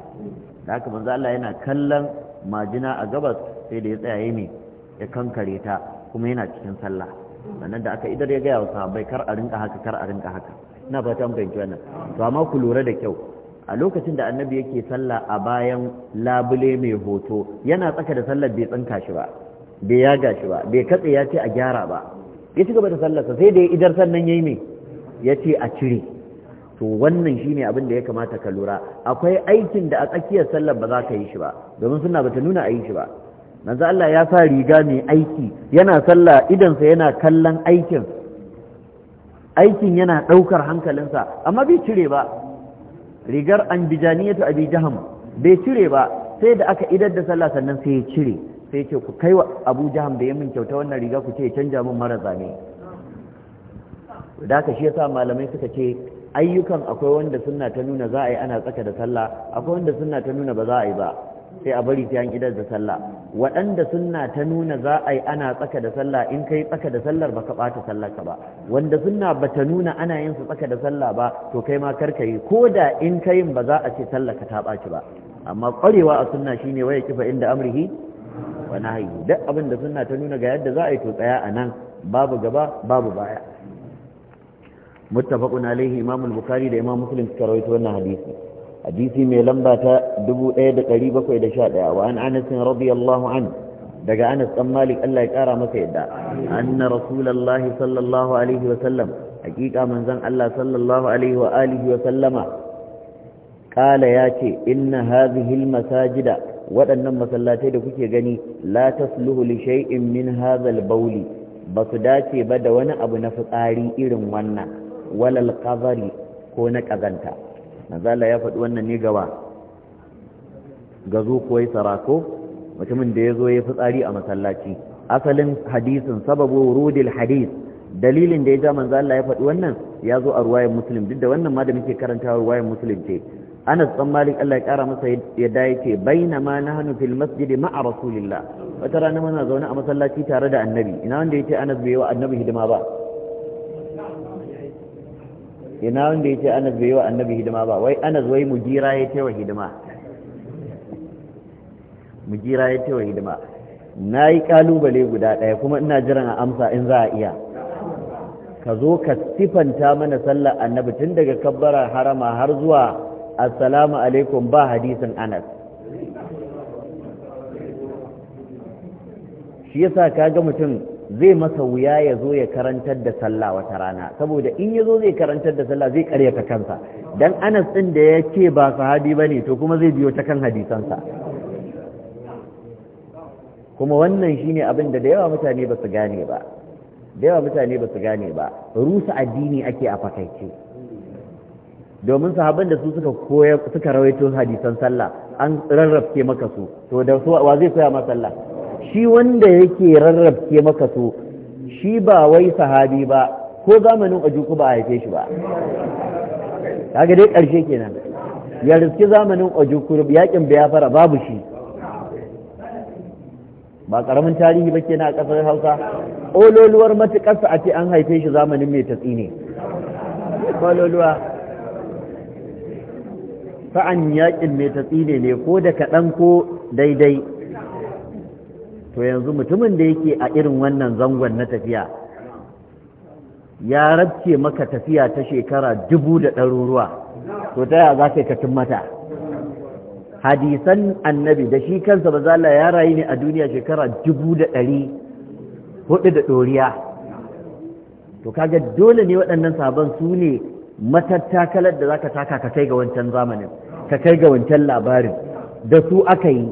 S1: da ka manzo Allah yana kallon majina a gabas sai da ya tsaya ne ya kankare ta kuma yana cikin sallah wannan da aka idar ya gaya wa sahabbai kar a rinka haka kar a rinka haka ina fata mun wannan to amma ku lura da kyau a lokacin da annabi yake salla a bayan labule mai hoto yana tsaka da sallar bai tsinka shi ba bai yaga shi ba bai katse ya ce a gyara ba ya ci gaba da sallarsa sai da ya idar sannan ya yi mai ya ce a cire to wannan shi ne abin da ya kamata ka lura akwai aikin da a tsakiyar sallar ba za ka yi shi ba domin suna ba ta nuna a yi shi ba manzo Allah ya sa riga mai aiki yana sallah idansa yana kallon aikin aikin yana ɗaukar hankalinsa amma bai cire ba rigar anbijaniyatu abi bai cire ba sai da aka idar da sallah sannan sai ya cire sai ce ku kai wa abu jaham da ya min kyauta wannan riga ku ce ya canja min mara zane da shi yasa malamai suka ce ayyukan akwai wanda suna ta nuna za a yi ana tsaka da sallah akwai wanda suna ta nuna ba za a yi ba sai a bari sai an idar da sallah waɗanda sunna ta nuna za a yi ana tsaka da sallah in kai tsaka da sallar baka ɓata sallar ka ba wanda sunna ba ta nuna ana yin su tsaka da sallah ba to kai ma karka yi ko da in ka yin ba za a ce sallar ka ta ɓaci ba amma ƙwarewa a sunna shine waya kifa inda amrihi wa nahyi duk abin da sunna ta nuna ga yadda za a yi to tsaya a nan babu gaba babu baya muttafaqun alaihi imam bukhari da imam muslim suka rawaito wannan hadisi hadisi mai lamba ta 1711 wa an anas radiyallahu an daga anas dan malik Allah ya kara masa yadda anna rasulullahi sallallahu alaihi wa sallam hakika manzon Allah sallallahu alaihi wa alihi wa sallama kala yace inna hadhihi almasajida waɗannan masallatai da kuke gani la tasluhu li shay'in min hadha albawli ba su dace ba da wani abu na fitsari irin wannan walal qazari ko na kazanta Manzala ya faɗi wannan ne gawa ga zo kuwai sarako mutumin da ya zo ya fitsari a masallaci asalin hadisin sababu rudil hadis dalilin da ya ja Manzala ya faɗi wannan ya zo a ruwayar muslim duk da wannan ma da muke karanta ruwayar muslim ce Anas dan Malik Allah ya kara masa yadda yake bainama nahnu fil masjid ma'a rasulillah wata rana muna zaune a masallaci tare da annabi ina wanda ce Anas bai yi wa annabi hidima ba ina wanda yace Anas bai wa annabi hidima ba wai Anas wai mujira ya wa hidima mujira ya ce wa hidima na yi kalubale guda ɗaya kuma ina jiran a amsa in za a iya ka zo ka sifanta mana sallar annabi tun daga kabbara harama har zuwa assalamu alaikum ba hadisin anas shi yasa kaga mutum zai masa wuya ya zo ya karantar da sallah wata rana saboda in ya zo zai karantar da sallah zai karyata kansa dan anas ɗin da ya ce ba sahabi ba ne to kuma zai biyo ta kan hadisansa kuma wannan shine abin da da yawa mutane ba su gane ba da yawa mutane ba su gane ba rusa addini ake a fakaice domin sahabban da su suka koya suka rawaito hadisan sallah an rarrafke maka su to da wa zai koya ma sallah shi wanda yake rarrabke maka so shi ba wai sahabi ba ko zamanin ajuku ba a haife shi ba kaga dai ƙarshe kenan ya riski zamanin ajuku yakin fara babu shi ba ƙaramin tarihi ba kenan a ƙasar hausa ololuwar matuƙarsa a ce an haife shi zamanin mai tatsi ne ololuwa sa'an yaƙin mai tatsi ne ko da kaɗan ko daidai to yanzu mutumin da yake a irin wannan zangon na tafiya ya rabce maka tafiya ta shekara dubu da ɗaruruwa to ta yaya za ka yi katin mata hadisan annabi da shi kansa ba zala ya rayu ne a duniya shekara dubu da ɗari hudu da ɗoriya to kaga dole ne waɗannan sabon su ne matattakalar da za ka taka ka kai ga wancan zamanin ka kai ga wancan labarin da su aka yi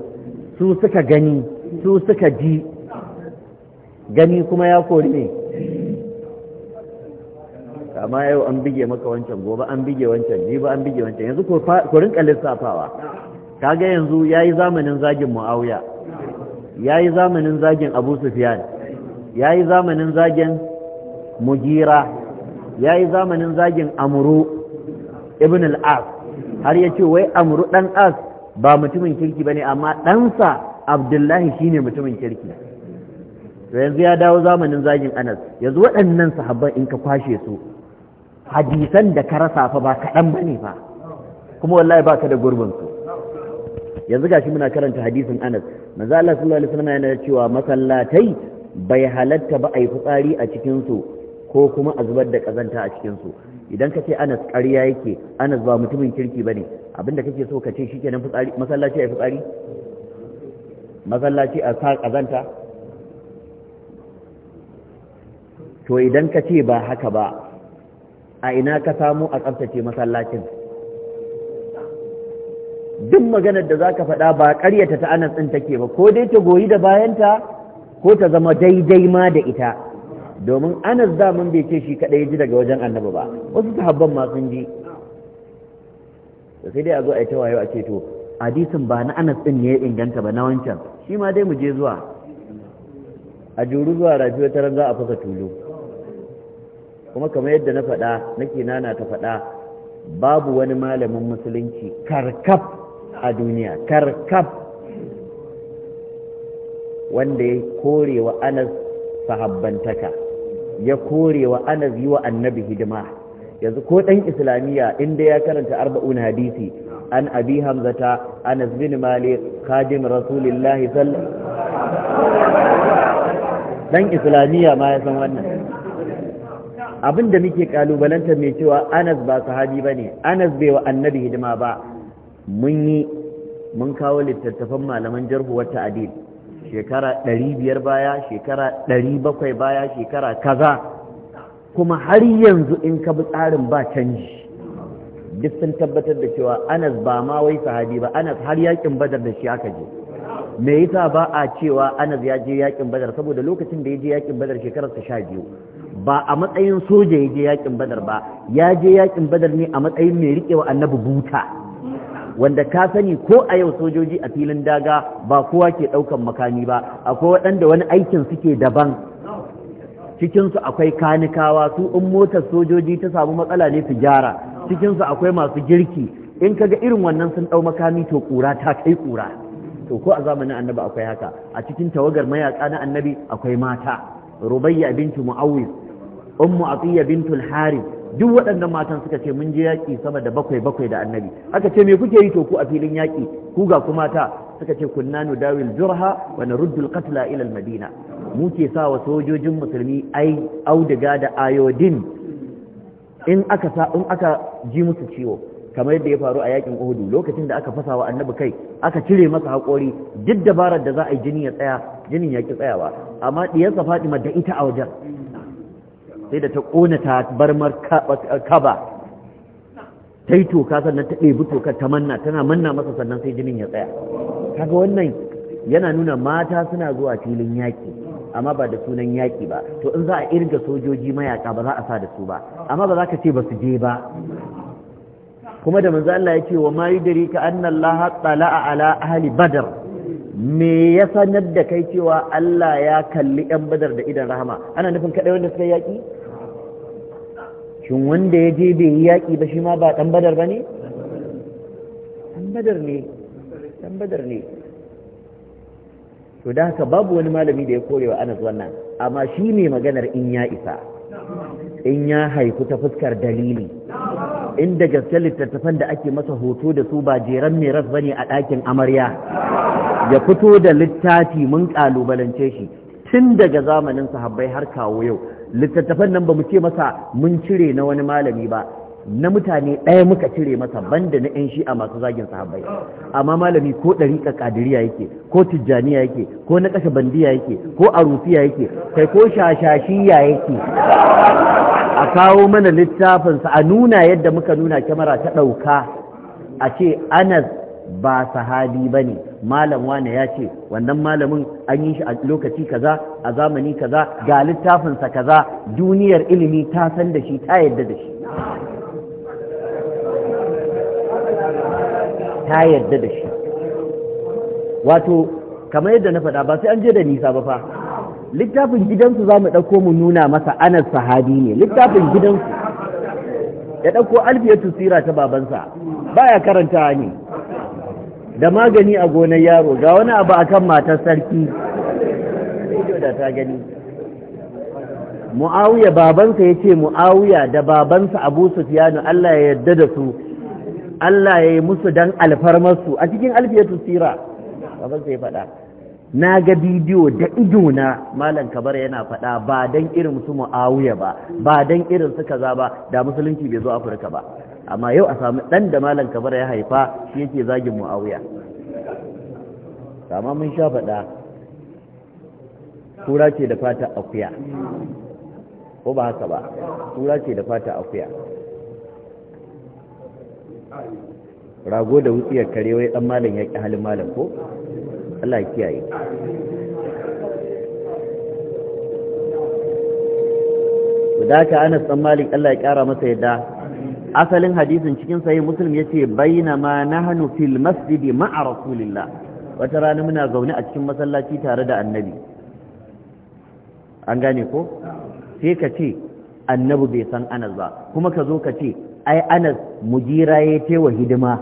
S1: su suka gani su suka ji gani kuma ya kori ne amma yau an bige maka wancan gobe an bige wancan ji ba an bige wancan yanzu korin kalin safawa kaga yanzu ya yi zamanin zagin mu'awiya ya yi zamanin zagin abu sufiyan ya yi zamanin zagin mugira ya yi zamanin zagin amuru ibn al'as har ya ce wai amuru dan as ba mutumin kirki ba ne amma ɗansa abdullahi shi ne mutumin kirki to yanzu ya dawo zamanin zagin anas yanzu waɗannan sahabban in ka kwashe su hadisan da ka rasa fa ba kaɗan ba ne fa kuma wallahi ba ka da gurbin su yanzu gashi muna karanta hadisin anas Maza Allah sallallahu alaihi wasallam yana cewa masallatai bai halatta ba a yi fitsari a cikinsu, ko kuma a zubar da kazanta a cikin su idan ka ce anas ƙarya yake anas ba mutumin kirki ba bane abinda kake so ka ce shikenan fitsari masallaci yi fitsari masallaci a sa ƙazanta to idan ka ce ba haka ba a ina ka samu a tsaftace masallacin duk maganar da za ka faɗa ba ƙaryata ta anan ɗin take ba ko dai ta goyi da bayanta ko ta zama daidai ma da ita domin anas zamun bai ce shi kaɗai ji daga wajen annaba ba wasu sahabban ma sun ji sai dai a zo a yi ta a ceto to hadisin ba na anas ɗin ne ya inganta ba na wancan shi ma dai mu je zuwa a juru zuwa rafi ta ranga a fasa tulu kuma kamar yadda na faɗa nake nana ta faɗa babu wani malamin musulunci karkaf a duniya karkaf wanda ya kore wa anas sahabbantaka ya kore wa anas yi wa annabi hidima yanzu ko ɗan islamiyya inda ya karanta arba'un hadisi an abi hamzata anas bin malik khadim rasulillahi dan islamiyya ma ya san wannan abin da muke kalubalanta mai cewa anas ba sahabi ba ne anas bai wa annabi hidima ba mun yi mun kawo littattafan malaman jarhu wata adil shekara 500 baya shekara 700 baya shekara kaza kuma har yanzu in ka bi tsarin ba canji duk sun tabbatar da cewa anas ba ma wai sahabi ba anas har yakin badar da shi aka je me yasa ba a cewa anas ya je yakin badar saboda lokacin da ya je yakin badar shekarar ta sha biyu ba a matsayin soja ya je yakin badar ba ya je yakin badar ne a matsayin mai riƙewa annabi buta wanda ka sani ko a yau sojoji a filin daga ba kowa ke ɗaukan makami ba akwai waɗanda wani aikin suke daban cikinsu akwai kanikawa su in motar sojoji ta samu matsala ne su gyara cikinsu akwai masu girki in ka ga irin wannan sun ɗau makami to ƙura ta kai ƙura to ko a zamanin annabi akwai haka a cikin tawagar mayaƙa na annabi akwai mata rubayya bintu mu'awiz ummu atiyya al harith duk waɗannan matan suka ce mun je yaƙi sama da bakwai bakwai da annabi aka ce me kuke yi to ku a filin yaƙi ku ga kuma ta suka ce kunna dawil jurha wa naruddu al-qatla ila Madina. mu ke sa wa sojojin musulmi ai auduga da ayodin in aka sa in aka ji musu ciwo kamar yadda ya faru a yakin Uhudu lokacin da aka fasa wa annabi kai aka cire masa haƙori duk dabarar da za a yi jini ya tsaya jinin ya ki tsayawa amma ɗiyarsa Fatima da ita a wajen sai da ta kona ta barmar kaba ta yi toka sannan ta ɗebi tokar ta manna tana manna masa sannan sai jinin ya tsaya kaga wannan yana nuna mata suna zuwa filin yaƙi amma ba da sunan yaƙi ba to in za a irga sojoji mayaka ba za a sa da su ba amma ba za ka ce ba su je ba kuma da manzo Allah ya ce wa mai yudri ka anna Allah ala ahli badr me ya sanar da kai cewa Allah ya kalli yan badar da idan rahama ana nufin kaɗai wanda suka yaƙi shin wanda ya je bai yaƙi ba shi ma ba ɗan badar bane ne ɗan badar ne to da haka babu wani malami da ya korewa anas wannan amma shi ne maganar in ya isa in ya haiku ta fuskar dalili inda gaske littattafan da ake masa hoto da su ba jeran miras bane a ɗakin amarya ya fito da littafi mun ƙalubalance shi tun daga zamanin sahabbai har kawo yau littattafan nan ba mu ce masa mun cire na wani malami ba na mutane ɗaya muka cire masa banda na 'yan shi'a masu zagin sahabbai amma malami ko ɗariƙa ƙadiriya yake ko tijjaniya yake ko na ƙasa bandiya yake ko rufiya yake kai ko shashashiya yake a kawo mana littafinsa a nuna yadda muka nuna kyamara ta ɗauka a ce anas ba sahabi ba ne malam wane ya ce wannan malamin an yi shi a lokaci kaza a zamani kaza ga littafinsa kaza duniyar ilimi ta san da shi ta yadda da
S2: shi ta yarda
S1: da shi wato kamar yadda na faɗa ba sai an je da nisa ba fa littafin gidansu za mu ɗauko mu nuna masa anas sahabi ne littafin gidansu ya ɗauko alfiyatu sira ta babansa ba ya karanta ne da magani a gonar yaro ga wani abu akan matar sarki da ta gani mu'awiya babansa ya ce mu'awiya da babansa abu sufiyanu allah ya yarda da su Allah ya yi musu don alfarmarsu a cikin alfiyatu sira kamar sai faɗa na ga bidiyo da idona malam kabar yana faɗa ba don irin su mu'awiya ba ba don irin su kaza ba da musulunci bai zo afirka ba amma yau a samu ɗan da malam kabar ya haifa shi yake zagin mu'awiya amma mun sha faɗa kura ce da fata akuya ko ba haka ba Kura ce da fata akuya rago da wutsiyar kare wai dan malam ya ki halin malam ko Allah ya kiyaye wadaka Anas dan Malik Allah ya kara masa yadda asalin hadisin cikin sahih Muslim yace ma nahnu fil masjid ma'a rasulillah wata rana muna zaune a cikin masallaci tare da annabi an gane ko sai ka ce annabi bai san Anas ba kuma ka zo ka ce ai anas mujira ya ce wa hidima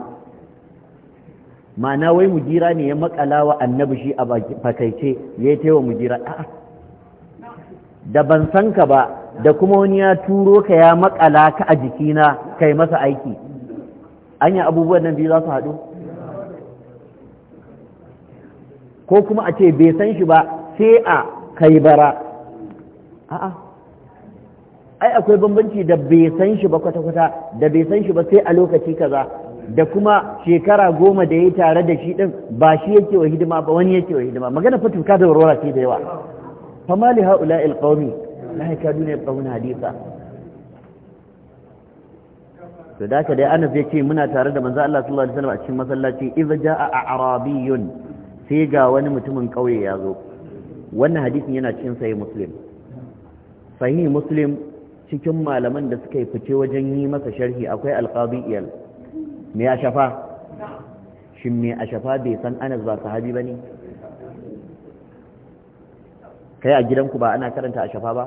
S1: ma'ana wai mujira ne ya makala wa annabi shi a fakaice ya ce wa mujira a da ban san ka ba da kuma wani ya turo ka ya makala ka a jikina kai masa aiki An yi abubuwan nan biyu za su haɗu ko kuma a ce bai san shi ba sai a kai bara a'a ai akwai bambanci da bai san shi ba kwata-kwata da bai san shi ba sai a lokaci kaza da kuma shekara goma da ya tare da shi din ba shi yake wa hidima ba wani yake wa hidima magana fa tuka da warwara ce da yawa Famali li haula il qawmi la ne qawna hadisa to da ka dai Anas ce muna tare da manzo Allah sallallahu alaihi wasallam a cikin masallaci idza jaa a'rabiyun sai ga wani mutumin kauye ya zo wannan hadisin yana cikin sahih muslim sahih muslim cikin malaman da suka yi fice wajen yi masa sharhi akwai alqadi iyal me ya shafa shin me a shafa bai san anas ba sahabi bane kai a gidanku ba ana karanta a shafa ba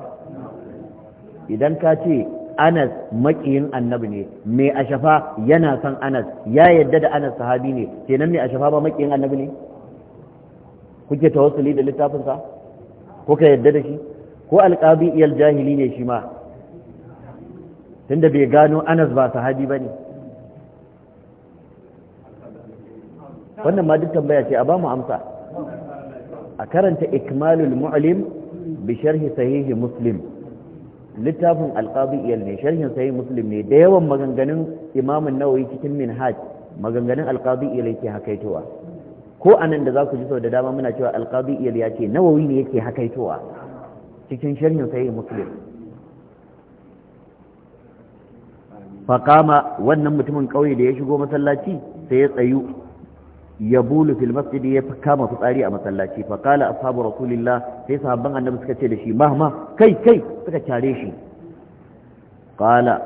S1: idan ka ce anas makiyin annabi ne me a shafa yana san anas ya yadda da anas sahabi ne kenan me a shafa ba makiyin annabi ne kuke tawassuli da littafinsa ko ka yadda da shi ko alqabi iyal jahili ne shi ma tunda bai gano anas ba sahabi ba ne wannan ma duk tambaya ce a ba mu amsa a karanta ikmalul mu'lim bi sharhi sahihi muslim littafin alqadi iyal ne sharhin sahihi muslim ne da yawan maganganun imamun nawawi cikin minhaj maganganun alqadi iyal yake hakaitowa ko anan da za ku ji sau da dama muna cewa alqadi iyal ya ce nawawi ne yake hakaitowa cikin sharhin sahihi muslim faƙama wannan mutumin ƙauye da ya shigo masallaci sai ya tsayu ya bulu fil masjid ya kama fitsari a masallaci faƙala ashabu rasulillah sai sahabban annabi suka ce da shi mahma kai kai suka care shi qala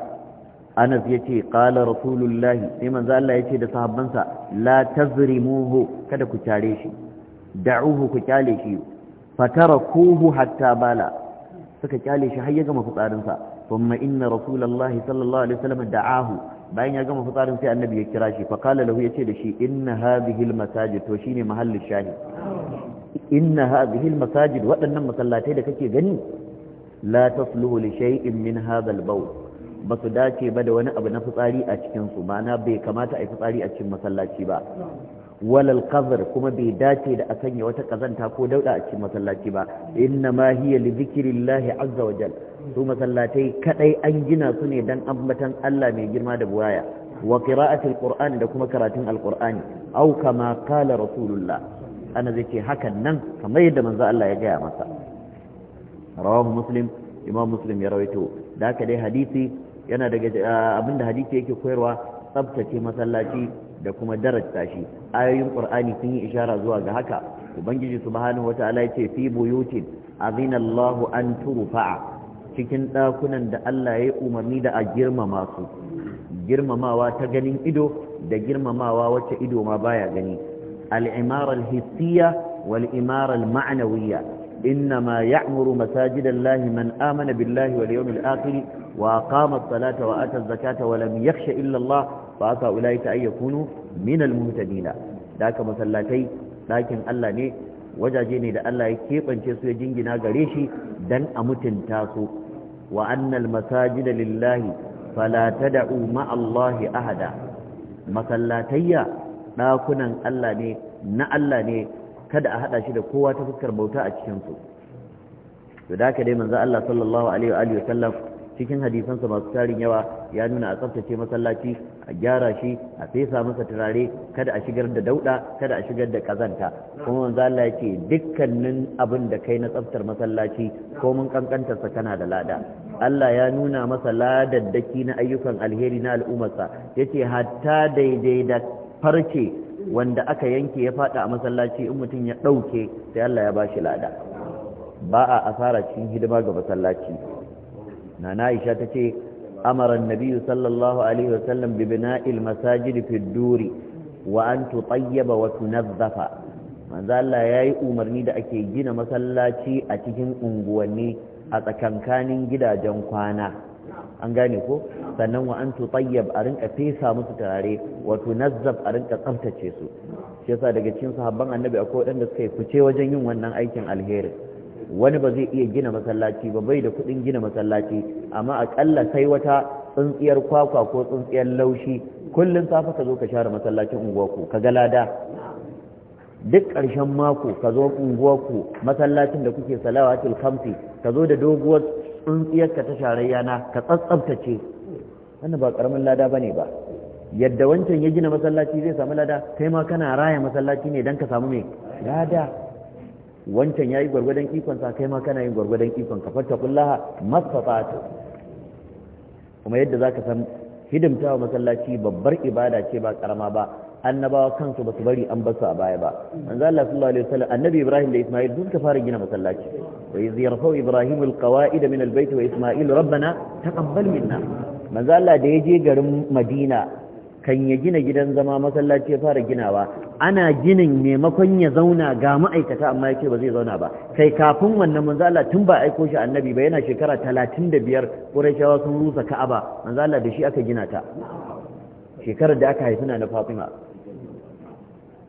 S1: anas yace qala rasulullah sai manzo Allah yace da sahabbansa la tazrimuhu kada ku care shi da'uhu ku kyale shi fatarakuhu hatta bala suka kyale shi har ya gama fitsarinsa ثم inna رسول sallallahu alaihi الله عليه bayan ya gama fitsarin sai annabi ya kira shi fakala lahu yace da shi inna hadhihi almasajid to shine mahallin shahid inna hadhihi almasajid waɗannan masallatai da kake gani la tasluhu li shay'in min hadha albawl ba su dace ba da wani abu na fitsari a cikin su ma'ana bai kamata a yi fitsari a cikin masallaci ba walal qazr kuma bai dace da a sanya wata kazanta ko dauda a cikin masallaci ba inna ma hiya li dhikrillahi azza wa jalla su masallatai kadai an gina su ne dan ambatan Allah mai girma da buwaya wa qira'atul qur'ani da kuma karatun alqur'ani aw kama qala rasulullah ana zake hakan nan kamar yadda manzo Allah ya gaya masa rawahu muslim imam muslim ya rawaito da haka dai hadisi yana daga ah, abinda hadisi yake koyarwa tsabtace masallaci da kuma darajta shi ayoyin qur'ani sun yi ishara zuwa ga haka ubangiji subhanahu wataala yace fi buyutin azina Allahu an turfa'a cikin ɗakunan da Allah ya yi umarni da a girmama girmamawa ta ganin ido da girmamawa wacce ido ma baya gani al’imarar hissiya wal’imarar ma’anawiya inna ma ya amuru masajidan lahi man amana billahi wal yawmil akhir wa aqama salata wa ata zakata wa lam yakhsha illa Allah fa ta ayyakunu minal al-muhtadin da ka masallatai dakin Allah ne wajaje ne da Allah ya kebance su ya jingina gare shi dan a mutunta su wa annal masajida lillahi fala tad'u ma'a Allahi ahada masallatayya dakunan Allah ne na Allah ne kada a hada shi da kowa ta fuskar bauta a cikin su to da ka dai manzo Allah sallallahu alaihi wa alihi wasallam cikin hadisansa masu tarin yawa ya nuna a tsaftace masallaci a gyara shi a fesa masa turare kada a shigar da dauda kada a shigar da kazanta kuma manzo Allah yake dukkanin abin da kai na tsaftar masallaci ko mun kankanta sa kana da lada Allah ya nuna masa ladaddaki na ayyukan alheri na al'ummarsa yace hatta daidai da farce wanda aka yanke ya fada a masallaci in mutum ya dauke sai Allah ya bashi lada ba a asara cikin hidima ga masallaci nana Aisha tace أمر النبي صلى الله عليه وسلم ببناء المساجد في الدور وأن تطيب وتنظف من ذا الله يأي أمرني دا أكي جين مسلاتي أتجن أنقواني أتكنكان جدا جنقوانا أنقاني sannan wa an a rinka fesa musu tare wato nazzab a rinka tsaftace su shi yasa daga cikin sahabban annabi akwai waɗanda suka yi fice wajen yin wannan aikin alheri wani ba zai iya gina masallaci ba bai da kuɗin gina masallaci amma akalla sai wata tsintsiyar kwakwa ko tsintsiyar laushi kullum safe ka zo ka share masallacin unguwarku ka ga lada duk ƙarshen mako ka zo unguwarku masallacin da kuke salawa til kamfi ka zo da doguwar tsintsiyar ka ta share yana ka tsatsabtace wannan ba karamin lada bane ba yadda wancan ya gina masallaci zai samu lada kai ma kana raya masallaci ne dan ka samu me lada wancan yi gwargwadon ikon sa kai ma kana yin gwargwadon ikon ka fatta kullaha ta. kuma yadda zaka san hidimtawa masallaci babbar ibada ce ba karama ba annabawa kansu basu bari an basu a baya ba manzo Allah sallallahu alaihi wasallam annabi Ibrahim da Isma'il duk ka fara gina masallaci wa iz yarfau Ibrahim alqawaid min albayt wa Isma'il rabbana taqabbal minna manzo Allah da je garin Madina kan ya gina gidan zama masallaci ya fara ginawa ana ginin maimakon ya zauna ga ma'aikata amma ya ce ba zai zauna ba kai kafin wannan manzo tun ba aiko shi annabi ba yana shekara 35 Qurayshawa sun rusa Ka'aba manzo da shi aka gina ta shekarar da aka haifi na Fatima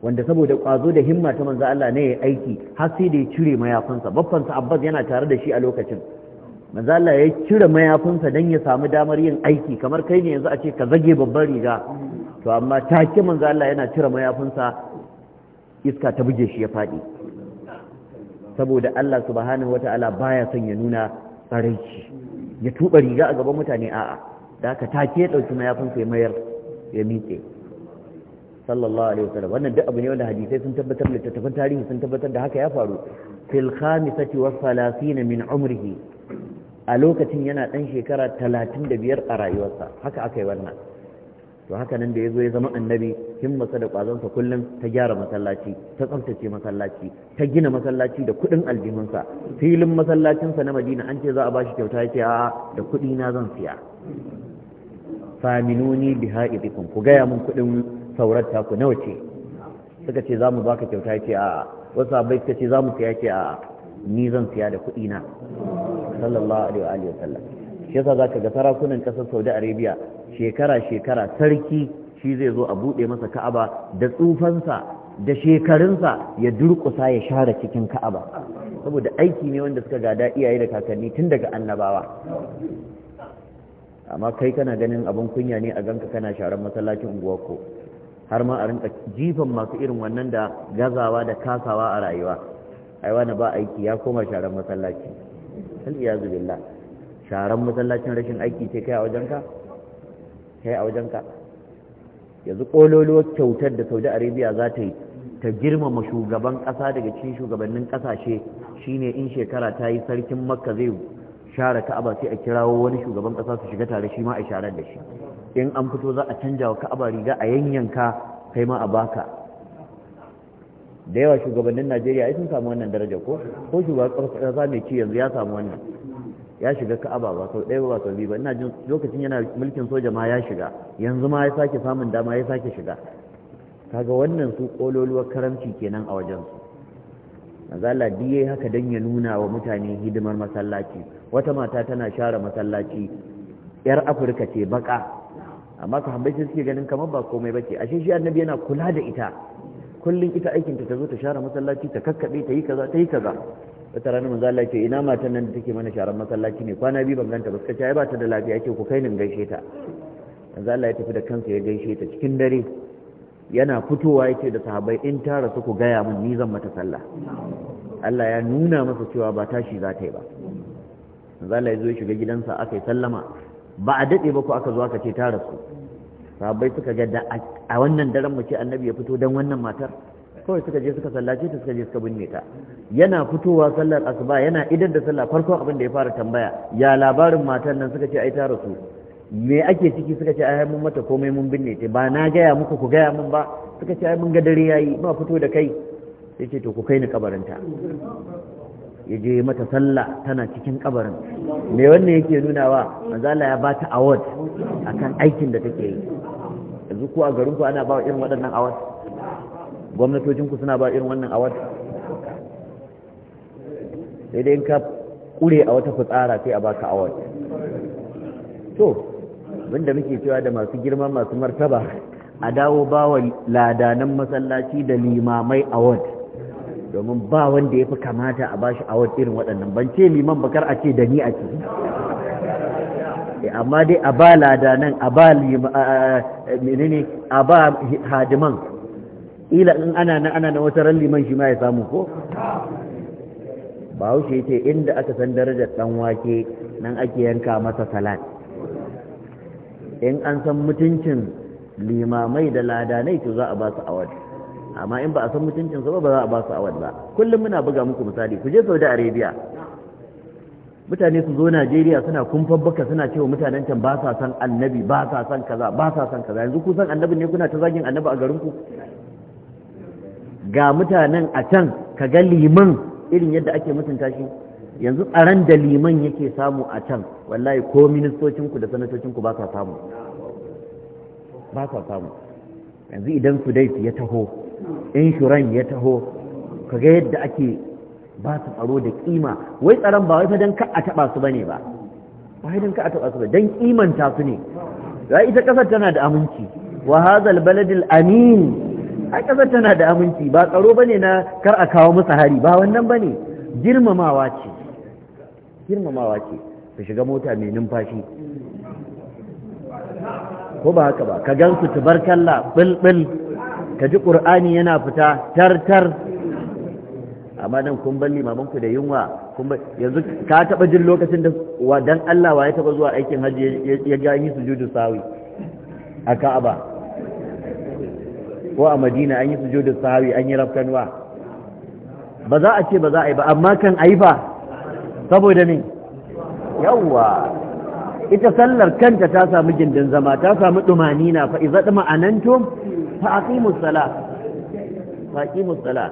S1: wanda saboda kwazo da himma ta manzo Allah ne ya aiki har sai da ya cire mayafansa babbansa Abbas yana tare da shi a lokacin manzo ya cire mayafinsa don ya samu damar yin aiki kamar kai ne yanzu a ce ka zage babban riga to amma take manzo Allah yana cire mayafinsa iska ta buge shi ya fadi saboda Allah subhanahu wataala baya son ya nuna tsaraici ya tuba riga a gaban mutane a'a da haka take ya ɗauki mayafinsa ya mayar ya miƙe sallallahu alaihi wasallam wannan duk abu ne wanda hadisai sun tabbatar da tattafan tarihi sun tabbatar da haka ya faru fil khamisati wa salasina min umrihi a lokacin yana ɗan shekara talatin da biyar a rayuwarsa haka aka yi wannan to haka nan da ya zo ya zama annabi himmasa da ƙwazonsa kullum ta gyara masallaci ta tsaftace masallaci ta gina masallaci da kuɗin aljihunsa filin masallacinsa na madina an ce za a bashi kyauta ya ce a da kuɗi na zan siya faminuni bi ha'idikum ku gaya mun kuɗin saurar ku nawa ce suka ce za mu baka kyauta ya ce a wasu abai suka ce za mu siya ce a ni zan siya da kuɗi na sallallahu alaihi wa shi yasa zaka ga sarakunan kasar Saudi Arabia shekara shekara sarki shi zai zo a bude masa Ka'aba da tsufansa da shekarunsa ya durƙusa ya share cikin Ka'aba saboda aiki ne wanda suka gada iyaye da kakanni tun daga annabawa amma kai kana ganin abin kunya ne a ganka kana sharan masallacin unguwar ko har ma a rinka jifan masu irin wannan da gazawa da kasawa a rayuwa aiwa na ba aiki ya koma sharan masallaci wal iyazu billah sharan masallacin rashin aiki ce kai a wajenka kai a wajenka yanzu kololuwar kyautar da Saudi Arabia za ta yi ta girmama shugaban kasa daga cikin shugabannin kasashe shine in shekara ta yi sarkin Makka zai share Ka'aba sai a kirawo wani shugaban kasa su shiga tare shi ma a sharar da shi in an fito za a canja wa Ka'aba riga a yanyanka kai ma a baka da yawa shugabannin najeriya ai sun samu wannan daraja ko ko shugaban ƙasa mai ci yanzu ya samu wannan ya shiga ka'aba ba sau ɗaya ba sau biyu ba ina jin lokacin yana mulkin soja ma ya shiga yanzu ma ya sake samun dama ya sake shiga kaga wannan su ƙololuwar karamci kenan a wajen su manzo Allah duk yayi haka dan ya nuna wa mutane hidimar masallaci wata mata tana share masallaci yar Afirka ce baka amma sahabbai suke ganin kamar ba komai bace ashe shi annabi yana kula da ita kullum ita aikinta ta zo ta share masallaci ta kakkabe ta yi kaza ta yi kaza wata rana manzo Allah ce ina matan nan da take mana share masallaci ne kwana biyu ban ganta ba suka ce ba ta da lafiya ce ku kai ni gaishe ta manzo Allah ya tafi da kansa ya gaishe ta cikin dare yana fitowa yake da sahabbai in ta rasu ku gaya min ni zan mata sallah Allah ya nuna masa cewa ba tashi za ta yi ba manzo Allah ya zo shiga gidansa aka yi sallama ba a dade ba ko aka zo aka ce ta rasu sahabbai suka ga da a wannan daren mu ce annabi ya fito don wannan matar kawai suka je suka sallace ta suka je suka binne ta yana fitowa sallar asuba yana idan da sallah farko abin da ya fara tambaya ya labarin matar nan suka ce ai ta rasu me ake ciki suka ce ai mun mata komai mun binne ta ba na gaya muku ku gaya mun ba suka ce ai mun ga dare yayi ba fito da kai sai ce to ku kai ni kabarinta ya je mata sallah tana cikin kabarin me wannan yake nunawa manzo Allah ya bata award akan aikin da take yi yanzu ko a garinku ana ba irin waɗannan awad gwamnatocinku suna ba irin wannan awad sai dai in ka kure a wata fitsara sai a baka awad to wanda muke cewa da masu girma masu martaba a dawo ba wa ladanan masallaci da limamai awad domin ba wanda ya fi kamata a ba shi awad irin waɗannan ban ce liman bakar a ce da ni a ce Eh, amma dai a ba ladanan a ba menene a ba hadiman ila in ana nan ana nan wata ran liman shi ma ya samu ko ba wuce ce inda aka san darajar dan wake nan ake yanka masa salat in an san mutuncin limamai da ladanai to za a ba su awad amma in ba a san mutuncin ba ba za a ba su awad ba kullum muna buga muku misali ku je Saudi Arabia mutane su zo Najeriya suna kumfan baka suna cewa mutanen can ba sa san annabi ba sa san kaza ba sa san kaza yanzu ku san annabi ne kuna ta zagin annabi a garin ku ga mutanen a can ka ga liman irin yadda ake mutunta shi yanzu tsaron da liman yake samu a can wallahi ko ministocinku da sanatocinku ba sa samu ba sa samu yanzu idan su ya taho inshuran ya taho kaga yadda ake ba su tsaro da kima wai tsaron ba wai fa ka a taba su bane ba ba wai ka a taba su ba dan kimanta su ne wai ita kasar tana da aminci wa hazal baladil amin ai kasar tana da aminci ba tsaro bane na kar a kawo musu hari ba wannan bane girmamawa ce girmamawa ce ka shiga mota mai numfashi ko ba haka ba ka gansu tubarkalla bulbul ka ji ƙur'ani yana fita tartar amma nan kun balli maman ku da yunwa kun ba yanzu ka taba jin lokacin da wa dan Allah wa ya taba zuwa aikin haji ya ga yi sujudu sawi a Ka'aba ko a Madina an yi sujudu sawi an yi rafkanwa ba za a ce ba za a yi ba amma kan ayi ba saboda ne yawwa ita sallar kanta ta samu gindin zama ta samu dumani na fa iza duma fa aqimus salat fa aqimus sala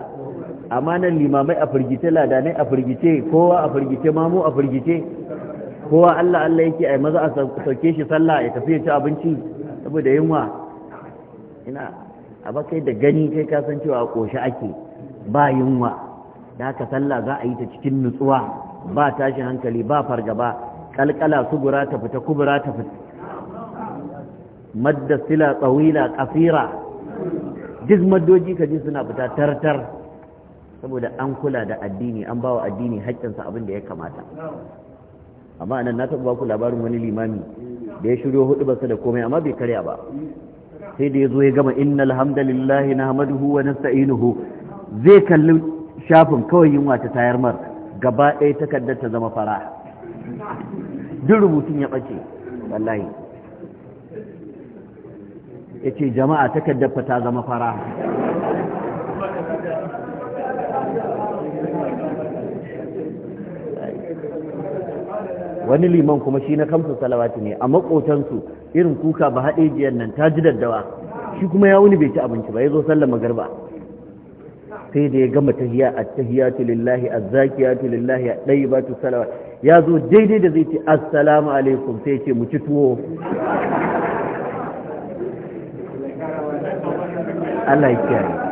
S1: amma nan limamai a firgice ladanai a firgice kowa a firgice mamu a firgice kowa Allah Allah yake ai maza a sauke shi sallah ya tafi ya ci abinci saboda yunwa ina a bakai da gani kai ka san cewa koshi ake ba yunwa da haka sallah za a yi ta cikin nutsuwa ba tashi hankali ba fargaba kalkala sugura ta fita kubura ta fita madda sila tsawila kafira duk maddoji ka ji suna fita tartar saboda an kula da addini an bawa addini haƙƙinsa abin da ya kamata amma anan na taɓa baku labarin wani limami da ya shiryo hudu ba da komai amma bai karya ba sai da ya zo ya gama innal hamdalillahi nahmaduhu wa nasta'inuhu zai kalli shafin kawai yunwa ta tayar mar gaba ɗaya takardar ta zama fara duk rubutun ya ɓace wallahi ya ce jama'a takardar fa ta zama fara wani liman kuma shi na kamsa salawati ne a makotansu irin kuka ba haɗe jiyan nan ta ji daddawa shi kuma ya wuni bai ci abinci ba ya zo sallar magarba sai da ya gama tahiya at-tahiyatu lillahi zakiya tu lillahi a ba tayyibatu salawa, ya zo daidai da zai ce assalamu alaikum sai ce mu ci tuwo
S2: Allah ya kiyaye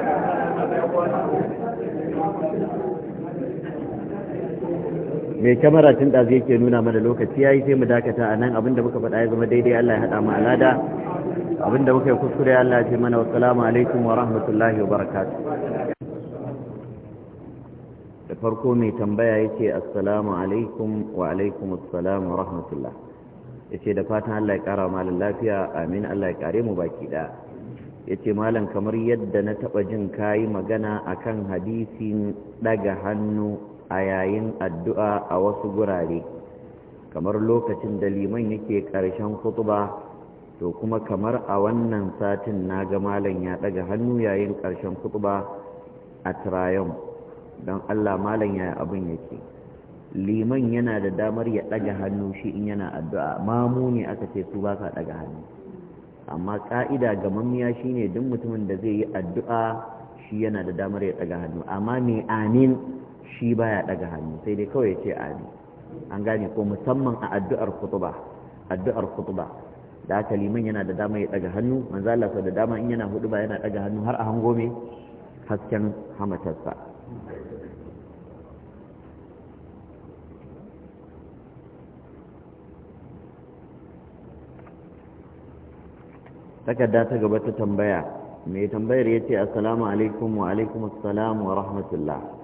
S2: mai
S1: kyamara tun ɗazu yake nuna mana lokaci ya yi sai mu dakata a nan abinda muka faɗa ya zama daidai Allah ya haɗa mu alada abinda muka yi kuskure Allah ya ce mana salamu alaikum wa rahmatullahi wa barakatu da farko mai tambaya ya ce assalamu alaikum wa alaikum assalam wa rahmatullah ce da fatan Allah ya kara malam lafiya amin Allah ya kare mu baki ɗaya ce malam kamar yadda na taɓa jin kayi magana akan hadisin ɗaga hannu a yayin addu'a a wasu gurare kamar lokacin da liman yake ƙarshen kutuba to kuma kamar a wannan satin na ga malam ya ɗaga hannu yayin ƙarshen kutuba a tirayon don allah malam ya abin yake liman yana da damar ya ɗaga hannu shi in yana addu'a mamu ne aka ce su ba ɗaga hannu amma ƙa'ida ga mamiya shi ne duk mutumin da zai yi addu'a shi yana da damar ya ɗaga hannu amma ne amin shi baya daga hannu sai dai kawai ya ce amin an gane ko musamman a addu'ar khutba addu'ar khutba da kaliman liman yana da dama ya daga hannu manzo Allah da dama in yana hudu ba yana daga hannu har a hango me hasken hamatarsa takarda ta gaba ta tambaya mai tambayar ya ce assalamu alaikum wa alaikum assalam wa rahmatullah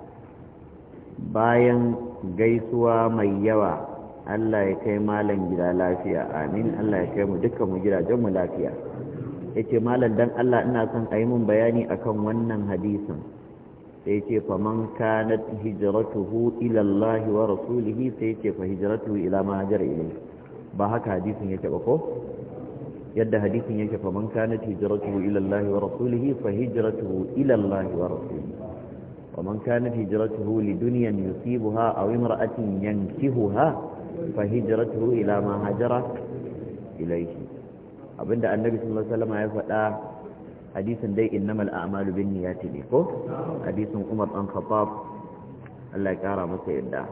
S1: bayan gaisuwa mai yawa Allah ya kai malam gida lafiya amin Allah ya kai mu duka mu gidajen mu lafiya yace malam dan Allah ina son a yi mun bayani akan wannan hadisin sai yace faman kanat hijratuhu ila Allah wa rasulihi sai yace fa hijratuhu ila ma hajara ba haka hadisin yake ba ko yadda hadisin yake faman kanat hijratuhu ila Allah wa rasulihi fa hijratuhu ila Allah wa rasulihi ومن كانت هجرته لدنيا يصيبها أو امرأة ينكهها فهجرته إلى ما هجر إليه أبدا النبي صلى الله عليه وسلم يفعل حديث دي إنما الأعمال بالنيات لكو حديث عمر أن خطاب الله يكارى مسيدا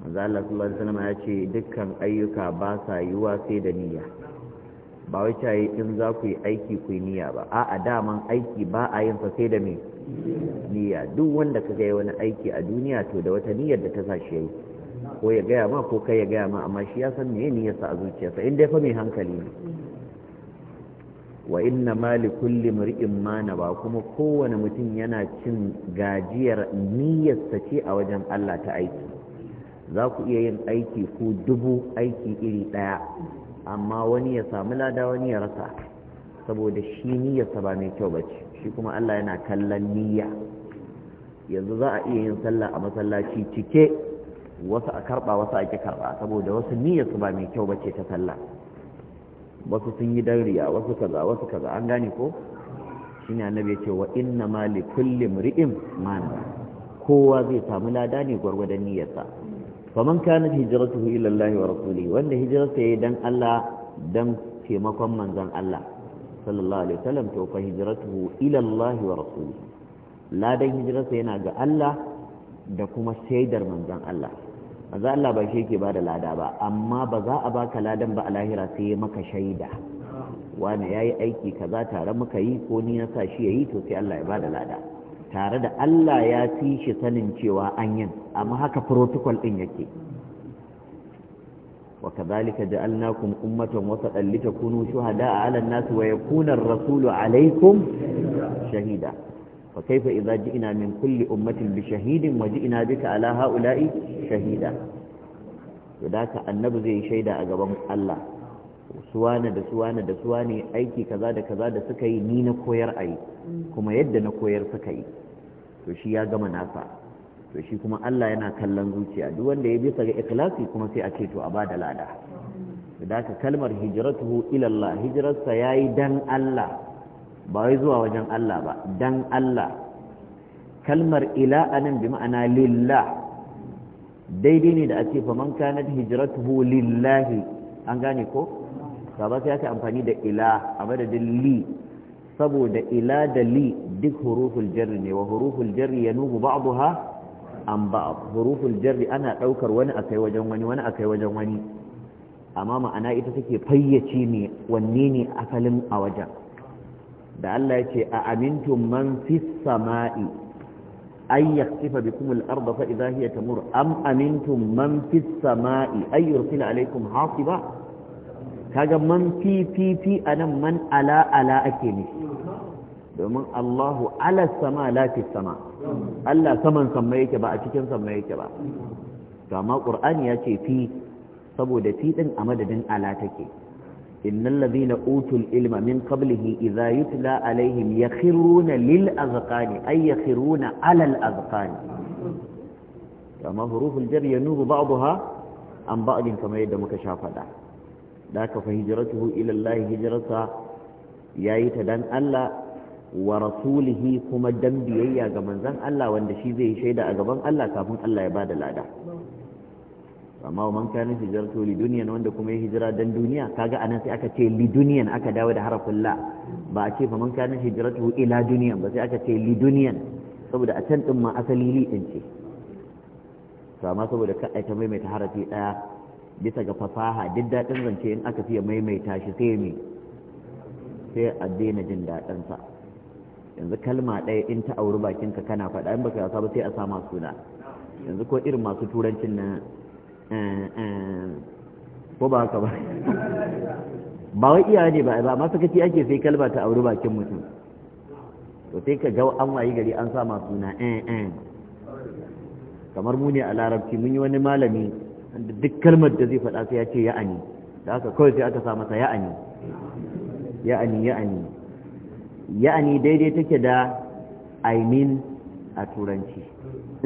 S1: manzo Allah sallallahu alaihi wasallam ya ce dukkan ayyuka ba sa yiwa sai da niyya ba wai ta yi in za ku yi aiki ku yi niyya ba a a daman aiki ba a yin sai da me niyya duk wanda ka gaya wani aiki a duniya to da wata niyyar da ta sa shi yayi ko ya gaya ma ko kai ya gaya ma amma shi ya san me niyyarsa a zuciyarsa in dai fa mai hankali ne wa inna ma li kulli mar'in ma ba kuma kowane mutum yana cin gajiyar niyyarsa ce a wajen Allah ta aiki za ku iya yin aiki ku dubu aiki iri ɗaya amma wani ya samu lada wani ya rasa saboda shi niyyarsa ba mai kyau bace shi kuma Allah yana kallon niyya yanzu za a iya yin sallah a masallaci cike wasu a karba wasu a ke karba saboda wasu niyyarsu ba mai kyau bace ta sallah wasu sun yi riya wasu kaza wasu kaza an gane ko shine annabi ya ce wa inna ma li kulli mri'in ma kowa zai samu lada ne gwargwadon niyyarsa faman kana hijirar ila Allah wa rasuli wanda hijrarsa yayi dan Allah dan taimakon manzon Allah sallallahu alaihi wasallam to fa hijratuhu ila Allah wa rasuli ladan hijirarsa yana ga Allah da kuma shaidar manzon Allah manzon Allah ba shi ba da lada ba amma ba za a baka ladan ba a lahira sai maka shaida wani ya yi aiki kaza tare muka yi ko ni na sa shi ya yi to sai Allah ya bada lada tare da Allah ya fi shi sanin cewa an yin amma haka protocol din yake waka zalika da alnakun ummatan wata ɗallita kunu shuhada a alan nasu wa ya kunar rasulu alaikum shahida wa kaifa idza ji'na min kulli ummatin bi shahidin wa ji'na bika ala haula'i shahida yadaka annabi zai yi shaida a gaban Allah suwane da suwane da suwane aiki kaza da kaza da suka yi ni na koyar ai kuma yadda na koyar suka yi to shi ya gama nasa to shi kuma Allah yana kallon zuciya duk wanda ya bisa ga ikhlasi kuma sai a ce to a bada lada da ka kalmar hijratuhu ila Allah hijrarsa yayi dan Allah ba wai zuwa wajen Allah ba dan Allah kalmar ila anan bi ma'ana lillah daidai ne da ake fa man kanat hijratuhu lillahi an gane ko ka ba sai ake amfani da ila a madadin li saboda ila da li duk huruful jarri ne wa huruful jarri yanubu ba'daha an ba'd huruful jarri ana daukar wani akai wajen wani wani akai wajen wani amma ma'ana ita take fayyace ne wanne ne asalin a wajen da Allah ya ce a amintun man fis sama'i ay yakhsifa bikum al-ardha fa idha hiya tamur am amintum man fis sama'i ay yursila alaykum hasiba kaga man fi fi fi anan man ala ala ake nufi domin Allahu ala sama lafi sama Allah saman sama yake ba a cikin sama yake ba kama ƙur'ani ya ce fi saboda fi a madadin ala take innal ladhina utul ilma min kablihi iza yutla alaihim yakhruna lil azqani ay yakhruna ala al azqani amma huruful jar yanubu ha an ba'din kamar yadda muka sha da ka fa hijratuhu ila hijirarsa ya yayi ta dan Allah wa rasulihi kuma dan biyayya ga manzon Allah wanda shi zai shaida a gaban Allah kafin Allah ya bada lada amma man kana hijratu li duniyan wanda kuma ya hijira dan duniya kaga anan sai aka ce li duniyan aka dawo da harafin la ba a ce fa man kana hijratu ila duniya ba sai aka ce li duniyan saboda a can din ma asali li din ce to amma saboda ka aita maimaita harafi daya bisa ga fasaha duk dadin zance in aka fiye maimaita shi sai me sai a daina jin dadin yanzu kalma ɗaya in ta auri bakinka kana faɗa in baka yasa ba sai a sama suna yanzu ko irin masu turancin na eh, eh, ko ba haka ba ba wai iyaye ne ba ba masu kaci ake sai kalma ta auri bakin mutum to sai ka ga an wayi gari an sama suna eh, kamar mu ne a larabci mun yi wani malami duk kalmar da zai faɗa sai ya ce ya'ani da haka kawai sai aka sa masa ya'ani ya'ani ya'ani ya'ani daidai take da i a turanci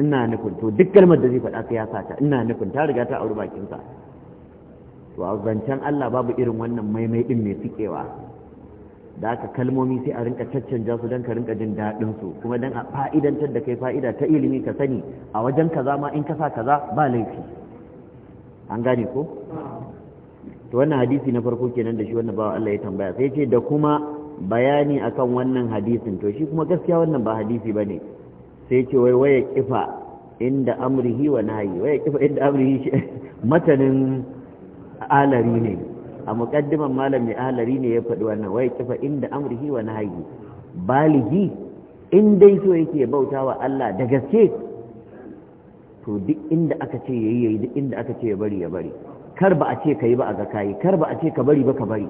S1: ina nufin to duk kalmar da zai faɗa sai ya sata ina nufin ta riga ta auri bakinsa to a zancen Allah babu irin wannan maimai din mai fikewa da aka kalmomi sai a rinka caccanja su don ka rinka jin daɗin su kuma don a fa'idantar da kai fa'ida ta ilimi ka sani a wajen kaza ma in kasa kaza ba laifi an gane ko to wannan hadisi na farko kenan da shi wannan bawa Allah ya tambaya sai ce da kuma bayani akan wannan hadisin to shi kuma gaskiya wannan ba hadisi bane sai ce wai waya kifa inda amrihi wa nahi waya kifa inda amrihi matanin alari ne a muqaddiman malami alari ne ya faɗi wannan waya kifa inda amrihi wa nahi baligi in dai so yake bautawa Allah da gaske to duk inda aka ce yayi yayi duk inda aka ce ya bari ya bari kar ba a ce kai ba a ga kai kar ba a ce ka bari ba ka bari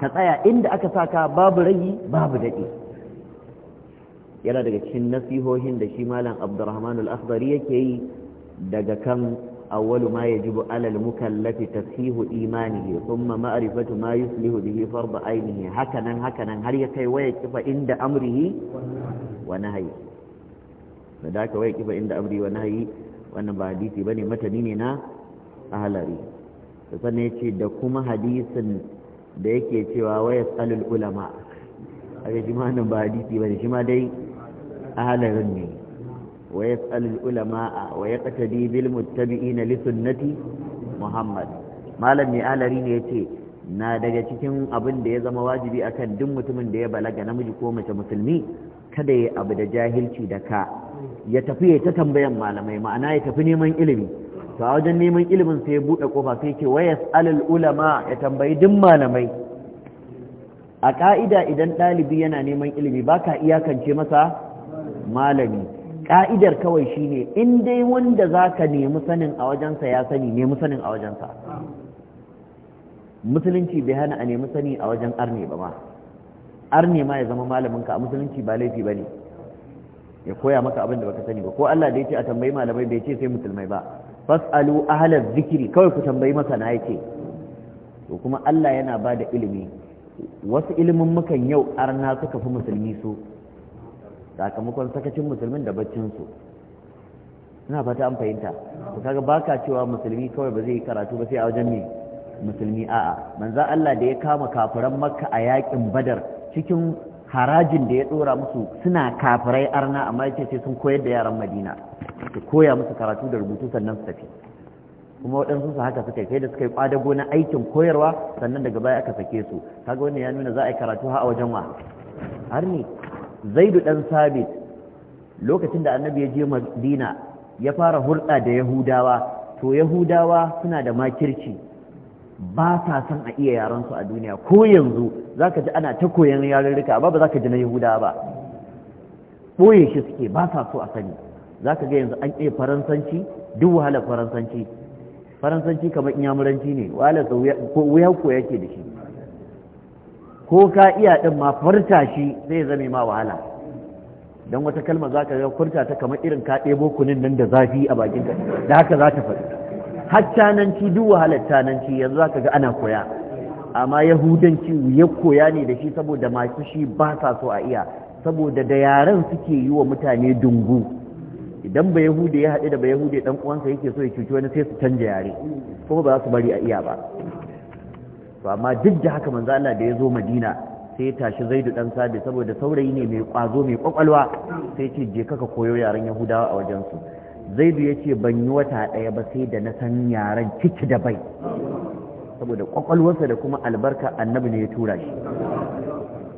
S1: ka tsaya inda aka sa ka babu ragi babu daɗi yana daga cikin nasihohin da shi malam abdurrahman al-akhdari yake yi daga kan awwalu ma yajibu alal mukallafi tashihu imanihi thumma ma'rifatu ma yuslihu bihi fard ainihi hakanan hakanan har ya kai waya kifa inda amrihi wa nahyi da haka waya kifa inda amri wa nahyi wannan ba hadisi bane matani ne na ahlari sannan yace da kuma hadisin da yake cewa waya tsalul ulama a ga shi ma ba hadisi ba shi ma dai a ne waya tsalul ulama a waya bil muttabi'i na lisunnati muhammad malam mai alari ne ya ce na daga cikin abin da ya zama wajibi akan duk mutumin da ya balaga namiji ko mace musulmi kada ya abu da jahilci da ka ya tafi ya ta tambayan malamai ma'ana ya tafi neman ilimi to a wajen neman ilimin sai ya buɗe ƙofa sai ke wayas alal ulama ya tambayi duk malamai a ƙa'ida idan ɗalibi yana neman ilimi ba ka iyakance masa malami ƙa'idar kawai shine in dai wanda za ka nemi sanin a wajensa ya sani nemi sanin a wajensa musulunci bai hana a nemi sani a wajen arne ba ma arne ma ya zama malaminka a musulunci ba laifi ba ne ya koya maka abin da baka sani ba ko Allah da ya ce a tambayi malamai bai ce sai musulmai ba fas'alu ahlaz zikri kawai ku tambayi masana yake to kuma Allah yana bada da ilimi wasu ilimin mukan yau arna suka fi musulmi so sakamakon sakacin musulmin da baccin su ina fata an fahimta kaga baka cewa musulmi kawai ba zai yi karatu ba sai a wajen ne musulmi a'a manzo Allah da ya kama kafiran makka a yakin badar cikin harajin da ya ɗora musu suna kafirai arna amma yake sai sun koyar da yaran madina su koya musu karatu da rubutu sannan su tafi kuma waɗansu su haka suka kai da suka yi ƙwadago na aikin koyarwa sannan daga baya aka sake su kaga wannan ya nuna za a yi karatu ha a wajen wa har ne zaidu ɗan sabit lokacin da annabi ya je madina ya fara hulɗa da yahudawa to yahudawa suna da makirci ba sa son a iya yaran a duniya ko yanzu za ka ji ana ta koyan yarurruka rika ba za ka ji na yahuda ba ɓoye shi suke ba sa so a sani za ka ga yanzu an iya faransanci duk wahalar faransanci faransanci kamar inyamuranci ne wahalar wuya ko yake da shi ko ka iya din ma farta shi zai zame ma wahala don wata kalma za ka ga furta ta kamar irin ka ɗebo nan da zafi a bakin da haka za ta faɗi haccananci duk wahalar cananci yanzu zaka ga ana koya amma yahudanci ya koya ne da shi saboda masu shi ba sa so a iya saboda da yaren suke yi wa mutane dungu idan ba yahudu ya haɗu da ba yahudu dan uwansa yake so ya cuci wani sai su canja yare kuma ba za su bari a iya ba to amma duk da haka manzo Allah da ya zo Madina sai ya tashi Zaidu dan Sabi saboda saurayi ne mai kwazo mai kwakwalwa sai ya ce je kaka koyo yaren Yahudawa a wajen su zaidu ya ce ban yi wata ɗaya ba sai da na san yaren ciki da bai saboda kwakwalwarsa da kuma albarka annabi ne ya tura shi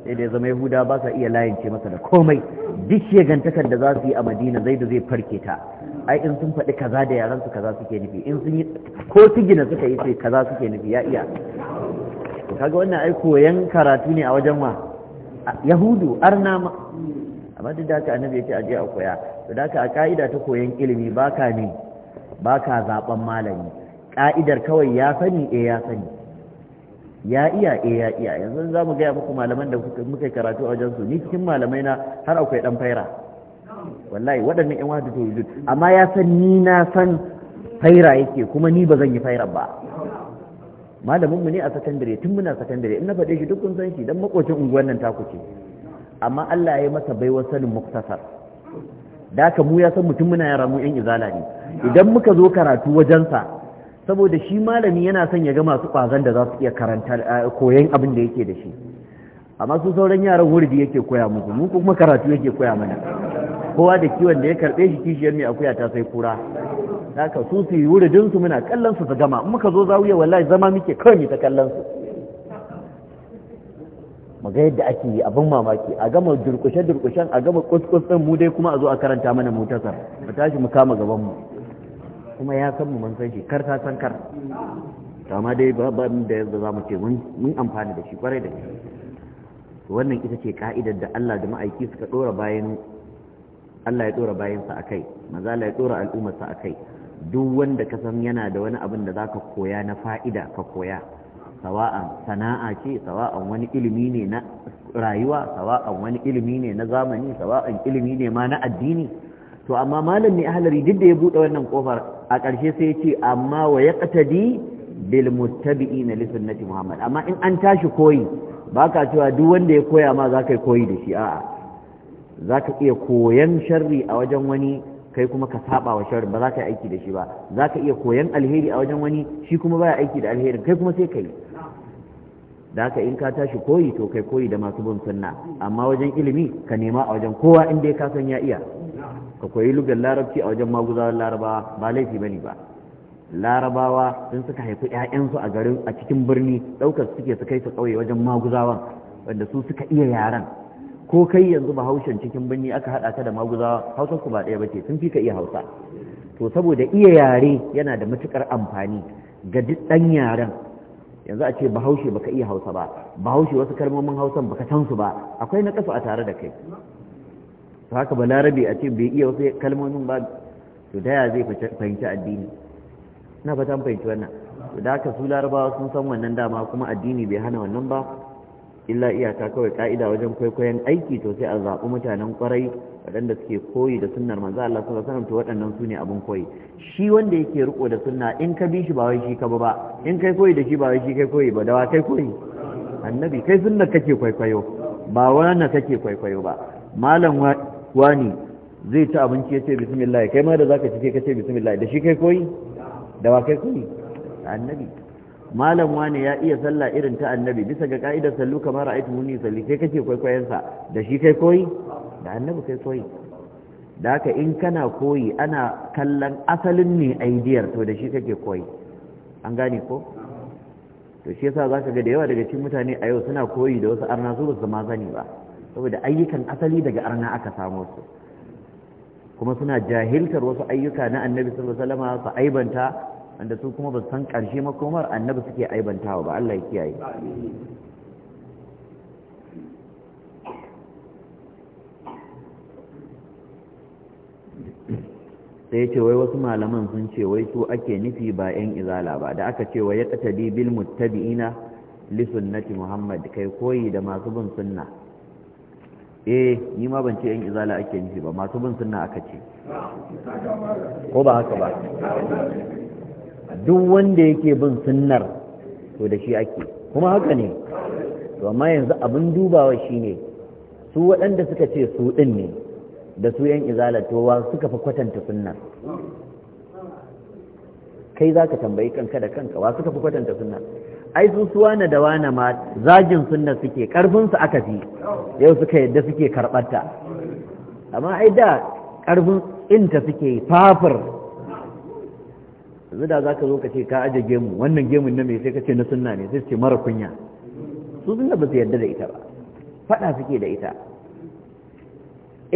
S1: sai da ya zama yahuda ba sa iya layance masa da komai duk shegantakar da za su yi a madina zaidu zai farke ta ai in sun faɗi kaza da yaran su kaza suke nufi in sun yi ko tigina suka yi sai kaza suke nufi ya iya to kaga wannan ai koyan karatu ne a wajen wa yahudu arna ma amma duk da haka annabi ya ce je a koya to a ka'ida ta koyon ilimi baka ne ka zaɓen malami ka'idar kawai ya sani e ya sani ya iya e ya iya yanzu za mu gaya muku malaman da muka karatu a su. ni cikin malamai na har akwai ɗan faira wallahi waɗannan yan wahadu tawhid amma ya san ni na san faira yake kuma ni ba zan yi fairan ba malamin mu ne a sakandare tun muna sakandare in na faɗe shi duk kun san shi dan makocin unguwar nan ku ce amma Allah ya yi masa baiwar sanin muktasar da mu ya san mutum muna yara mu yan izala ne idan muka zo karatu wajensa saboda shi malami yana son ya ga masu kwazon da za su iya karanta koyan abin da yake da shi amma su sauran yaran wurdi yake koya musu mu kuma karatu yake koya mana kowa da kiwon da ya karbe shi kishiyar mai akuya ta sai kura haka su su yi muna kallon su su gama in muka zo zawiya wallahi zama muke kawai ta kallon su mu yadda ake yi abin mamaki a gama durkushe durkushen a gama kuskus mu dai kuma a zo a karanta mana mutasar a tashi mu kama gabanmu kuma ya san mu mun san shi kar ta san kar ma dai babu da yadda za mu ce mun amfani da shi kwarai da shi wannan ita ce ka'idar da Allah da ma'aiki suka dora bayan Allah ya dora bayan sa akai maza Allah ya dora al'ummar sa akai duk wanda ka san yana da wani abin da zaka koya na fa'ida ka koya sawa'an sana'a ce sawa'an wani ilimi ne na rayuwa sawa'an wani ilimi ne na zamani sawa'an ilimi ne ma na addini to amma malam ne ahlari duk da ya bude wannan kofar a ƙarshe sai ya ce amma wa ya bil muttabi'i na sunnati muhammad amma in an tashi koyi baka cewa duk wanda ya koya ma za yi koyi da shi a'a za iya koyan sharri a wajen wani kai kuma ka saba wa sharri ba za ka yi aiki da shi ba za ka iya koyan alheri a wajen wani shi kuma baya aiki da alherin kai kuma sai ka yi da haka in ka tashi koyi to kai koyi da masu bin sunna amma wajen ilimi ka nema a wajen kowa inda ya kasan ya iya ka koyi lugar larabci a wajen maguzawan larabawa ba laifi bane ba larabawa sun suka haifi ƴaƴansu a garin a cikin birni ɗaukar suke su kai su ƙauye wajen maguzawan wanda su suka iya yaren. ko kai yanzu bahaushen cikin birni aka haɗa ka da maguzawa hausar ku ba ɗaya ba ce sun fi ka iya hausa to saboda iya yare yana da matuƙar amfani ga duk ɗan yaren yanzu a ce bahaushe baka iya hausa ba bahaushe wasu kalmomin hausan baka san su ba akwai na kasu a tare da kai to haka larabi a ce bai iya wasu kalmomin ba to da ya zai fahimci addini na fatan fahimci wannan to da haka su larabawa sun san wannan dama kuma addini bai hana wannan ba illa iyaka kawai ka'ida wajen kwaikwayon aiki to sai a zaɓi mutanen kwarai waɗanda suke koyi da sunnar manzo Allah sallallahu alaihi wasallam to waɗannan su ne abin koyi shi wanda yake riko da sunna in ka bi shi ba wai shi ka ba ba in kai koyi da shi ba wai shi kai koyi ba da wa kai koyi annabi kai sunnar kake kwaikwayo ba wani kake kwaikwayo ba malam wani zai ci abinci ya ce bismillah kai ma da zaka ci ka ce bismillah da shi kai koyi da wa kai koyi annabi malam wani ya iya sallah irin ta annabi bisa ga ka'idar sallu kamar ra'aytu muni salli kai kake kwaikwayon sa da shi kai koyi da annabi sai koyi da haka in kana koyi ana kallon asalin ne aidiyar to da shi kake koyi an gane ko to shi yasa zaka ga da yawa daga cikin mutane a yau suna koyi da wasu arna su ba su ma sani ba saboda ayyukan asali daga arna aka samo su kuma suna jahiltar wasu ayyuka na annabi sallallahu alaihi wasallam su aibanta wanda su kuma ba san karshe makomar annabi suke aibantawa ba Allah ya kiyaye sai ce wai wasu malaman sun ce wai su ake nufi ba 'yan izala ba da aka ce wa ya tabi bil muttabi'ina li sunnati muhammad kai koyi da masu bin sunna eh ni ma ban ce 'yan izala ake nufi ba masu bin sunna aka ce ko ba haka ba duk wanda yake bin sunnar to da shi ake kuma haka ne to amma yanzu abin dubawa shine su waɗanda suka ce su ɗin ne da su yan izalatowa suka fi kwatanta sunna kai za ka tambayi kanka da kanka wa suka fi kwatanta sunna ai su suwa na da wana ma zagin sunna suke karfinsu aka fi yau suka yadda suke karɓarta amma ai da karfin inta suke fafir yanzu da za ka zo ka ce ka aje gemu wannan gemun na mai sai ka ce na sunna ne sai ce mara kunya su sunna ba su yadda da ita ba faɗa suke da ita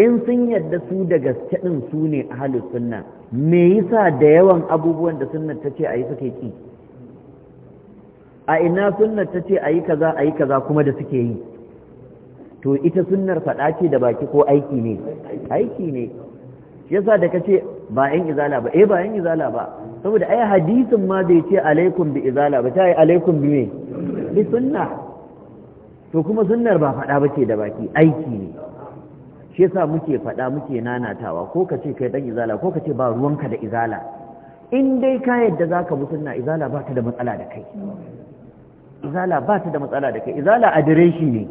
S1: in sun yadda su da gaske din su ne ahlus sunna me yasa da yawan abubuwan da sunnar ta ce ayi suke ki a ina sunnar ta ce ayi kaza ayi kaza kuma da suke yi to ita sunnar faɗa ce da baki ko aiki ne aiki ne yasa da kace ba yan izala ba eh ba yan izala ba saboda ai hadisin ma bai ce alaikum bi izala ba ta yi alaikum bi me bi sunna to kuma sunnar ba faɗa ba ce da baki aiki ne shi yasa muke faɗa muke nanatawa ko ka ce kai dan izala ko ka ce ba ruwanka da izala in dai ka yadda zaka mutunna izala ba ta da matsala da kai izala ba ta da matsala da kai izala adireshi ne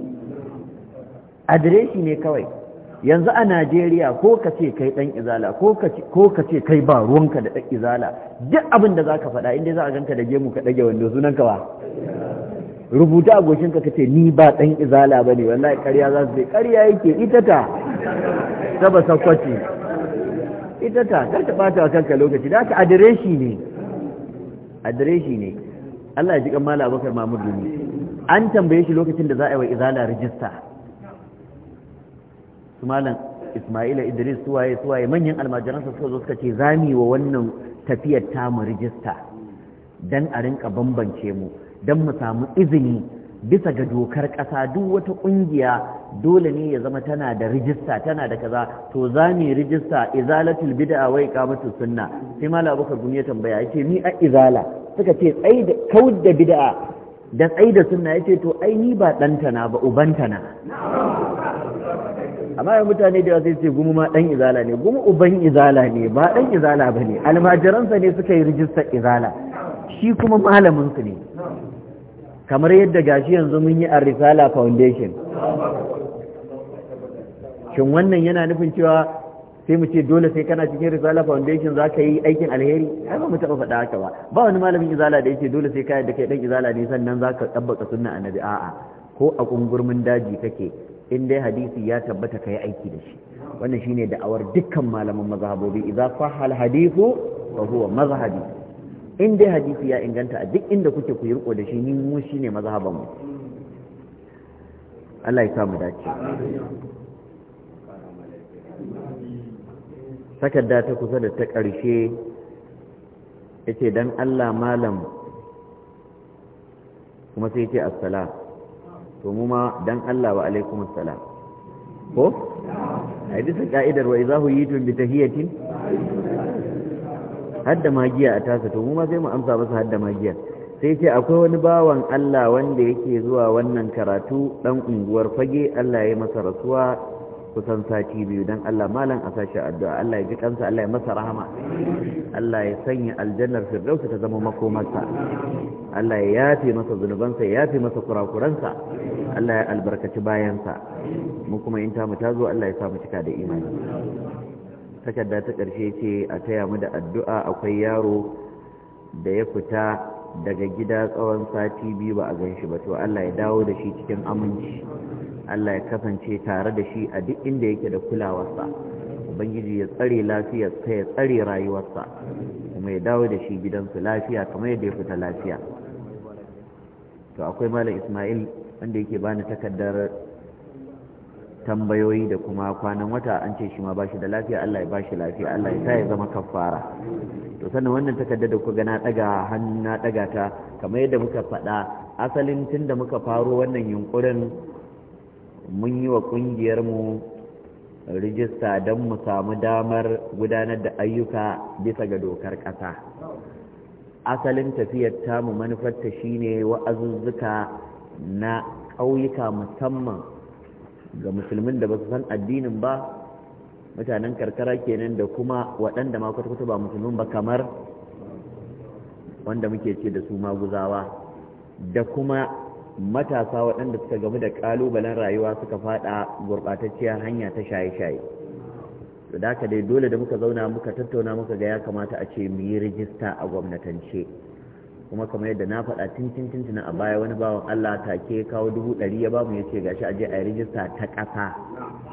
S1: adireshi ne kawai yanzu a najeriya ko ka ce kai dan izala ko ka ce kai ba ruwanka da dan izala duk abin da za ka faɗa dai za a ganka da gemu ka ɗage wando sunanka ba rubuta a goshinka ka ce ni ba dan izala ba ne wallahi ƙarya za su ce ƙarya yake ita ta
S2: saba ba sakwace
S1: ita ta ta bata wa kanka lokaci da aka adireshi ne shi ne Allah ya ji kamala abokar mamud gumi an tambaye shi lokacin da za a yi wa izala rijista su malam ismaila idris suwaye suwaye manyan almajiransa suka zo suka ce zami wa wannan tafiyar tamu rijista don a rinka bambance mu don mu samu izini bisa ga dokar ƙasa duk wata ƙungiya dole ne ya zama tana da rijista tana da kaza to za mu rijista izalatul bid'a wa iqamatus sunna sai mala abubakar gumi ya tambaya yace ni a izala suka ce tsai da kawud da bid'a da tsai da sunna yace to ai ni ba danta na ba ubanta na amma yan mutane da sai ce gumu ma dan izala ne gumu uban izala ne ba dan izala bane almajiransa ne suka yi rijistar izala shi kuma malamin su ne kamar yadda gashi yanzu mun yi a risala foundation shin wannan yana nufin cewa sai mu ce dole sai kana cikin risala foundation za ka yi aikin alheri ai ba mu taɓa faɗa haka ba ba wani malamin izala da yake dole sai ka yadda kai dan izala ne sannan za ka tabbaka sunna annabi a'a ko a kungurmin daji kake in dai hadisi ya tabbata ka yi aiki da shi wannan shine da'awar dukkan malaman mazhabobi idza fahal hadisu, hadithu fa huwa mazhabi in dai hadisi ya inganta a duk inda kuke ku yirko da shi ni mu shine mazhaban mu Allah ya samu dace takarda ta kusa da ta ƙarshe yace dan Allah malam kuma sai yace assalam to mu ma dan Allah wa alaikum assalam ko a yi bisa ka'idar wa izahu yitun bi tahiyatin hadda magiya a tasa to mu ma sai mu amsa masa hadda da magiya sai ce akwai wani bawan Allah wanda yake zuwa wannan karatu dan unguwar fage Allah ya masa rasuwa kusan sati biyu dan Allah malam a sashi addu'a Allah ya ji kansa Allah ya masa rahama Allah ya sanya aljannar firdaus ta zama makomarsa Allah ya yafe masa zunubansa ya yafe masa kurakuransa Allah ya albarkaci bayansa mu kuma in ta mu tazo Allah ya sa mu cika da imani takarda ta ƙarshe ce a taya mu da addu'a akwai yaro da ya fita daga gida tsawon sati biyu ba a gan shi ba to Allah ya dawo da shi cikin aminci Allah ya kasance tare da shi a duk inda yake da kulawarsa ubangiji ya tsare lafiyarsa ya tsare rayuwarsa kuma ya dawo da shi gidansu lafiya kamar yadda ya fita lafiya to akwai malam Ismail wanda yake bani takardar tambayoyi da kuma kwanan wata an ce shi ma ba shi da lafiya Allah ya ba shi lafiya Allah ya sa ya zama kafara to sannan wannan takarda da kuka na daga hannu na daga ta kamar yadda muka faɗa asalin tun da muka faro wannan yunkurin mun yi wa kungiyar mu rijista don mu samu damar gudanar da ayyuka bisa ga dokar ƙasa asalin tafiyar tamu manufarta shine wa'azuzzuka na ƙauyuka musamman ga musulmin da ba su san addinin ba mutanen karkara kenan da kuma waɗanda ma kwata ba musulmin ba kamar wanda muke ce da su maguzawa da kuma matasa waɗanda suka gamu da ƙalubalen rayuwa suka faɗa gurɓatacciyar hanya ta shaye-shaye da aka dai dole da muka zauna muka tattauna muka ga ya kamata a ce mu yi rijista a gwamnatance kuma kamar yadda na faɗa tun tun a baya wani bawan Allah ta ke kawo dubu ɗari ya bamu ya ce gashi a je a rijista ta ƙasa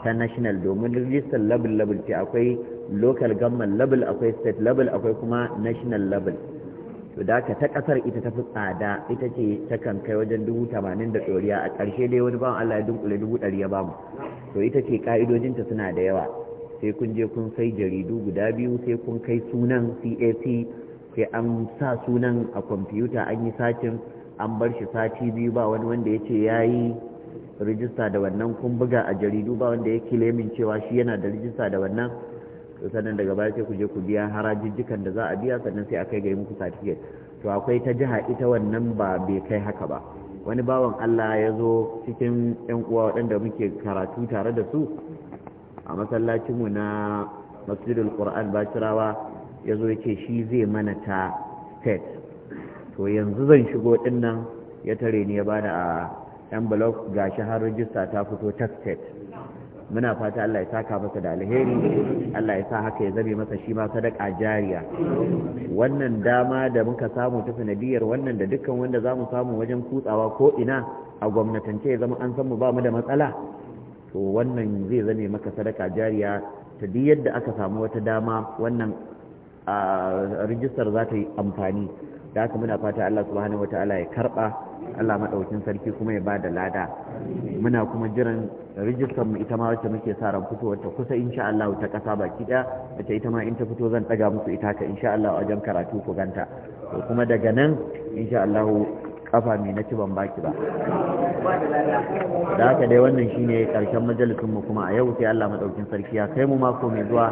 S1: ta national domin rijistar level level ce akwai local government level akwai state level akwai kuma national level to da ka ta ƙasar ita ta fi tsada ita ce ta kan kai wajen dubu tamanin da ɗoriya a ƙarshe dai wani bawan Allah ya dunkule dubu ɗari ya bamu to ita ce ƙa'idojinta suna da yawa sai kun je kun sai jaridu guda biyu sai kun kai sunan CAC sai an sa sunan a kwamfuta an yi satin an bar shi sati biyu ba wani wanda ya ce ya yi rijista da wannan kun buga a jaridu ba wanda ya kilemin cewa shi yana da rijista da wannan sannan daga baya sai ku je ku biya harajijjikan da za a biya sannan sai a kai gari muku satifiket to akwai ta jiha ita wannan ba bai kai haka ba wani bawan Allah ya zo cikin yan uwa waɗanda muke karatu tare da su a masallacinmu na masjidul qur'an bashirawa ya zo ya shi zai mana ta state to yanzu zan shigo din nan ya tare ni ya bada a envelope ga shi har rajista ta fito ta state muna fata Allah ya saka masa da alheri Allah ya sa haka ya zame masa shi ma sadaka jariya wannan dama da muka samu ta sanadiyar wannan da dukkan wanda zamu samu wajen kutsawa ko ina a gwamnatance ya zama an san mu ba mu da matsala to wannan zai zame maka sadaka jariya ta yadda aka samu wata dama wannan a rijistar za ta yi amfani da aka muna fata Allah subhanahu ta'ala ya karɓa Allah madaukin sarki kuma ya ba da lada muna kuma jiran rijistar mu ita ma wacce muke sa ran fitowar ta kusa insha Allah ta kasa baki da wacce ita ma in ta fito zan daga musu ita ka insha Allah wajen karatu ku ganta to kuma daga nan insha Allah kafa mai na ci ban baki ba da haka dai wannan shine karshen majalisin mu kuma a yau sai Allah madaukin sarki ya kai mu mako mai zuwa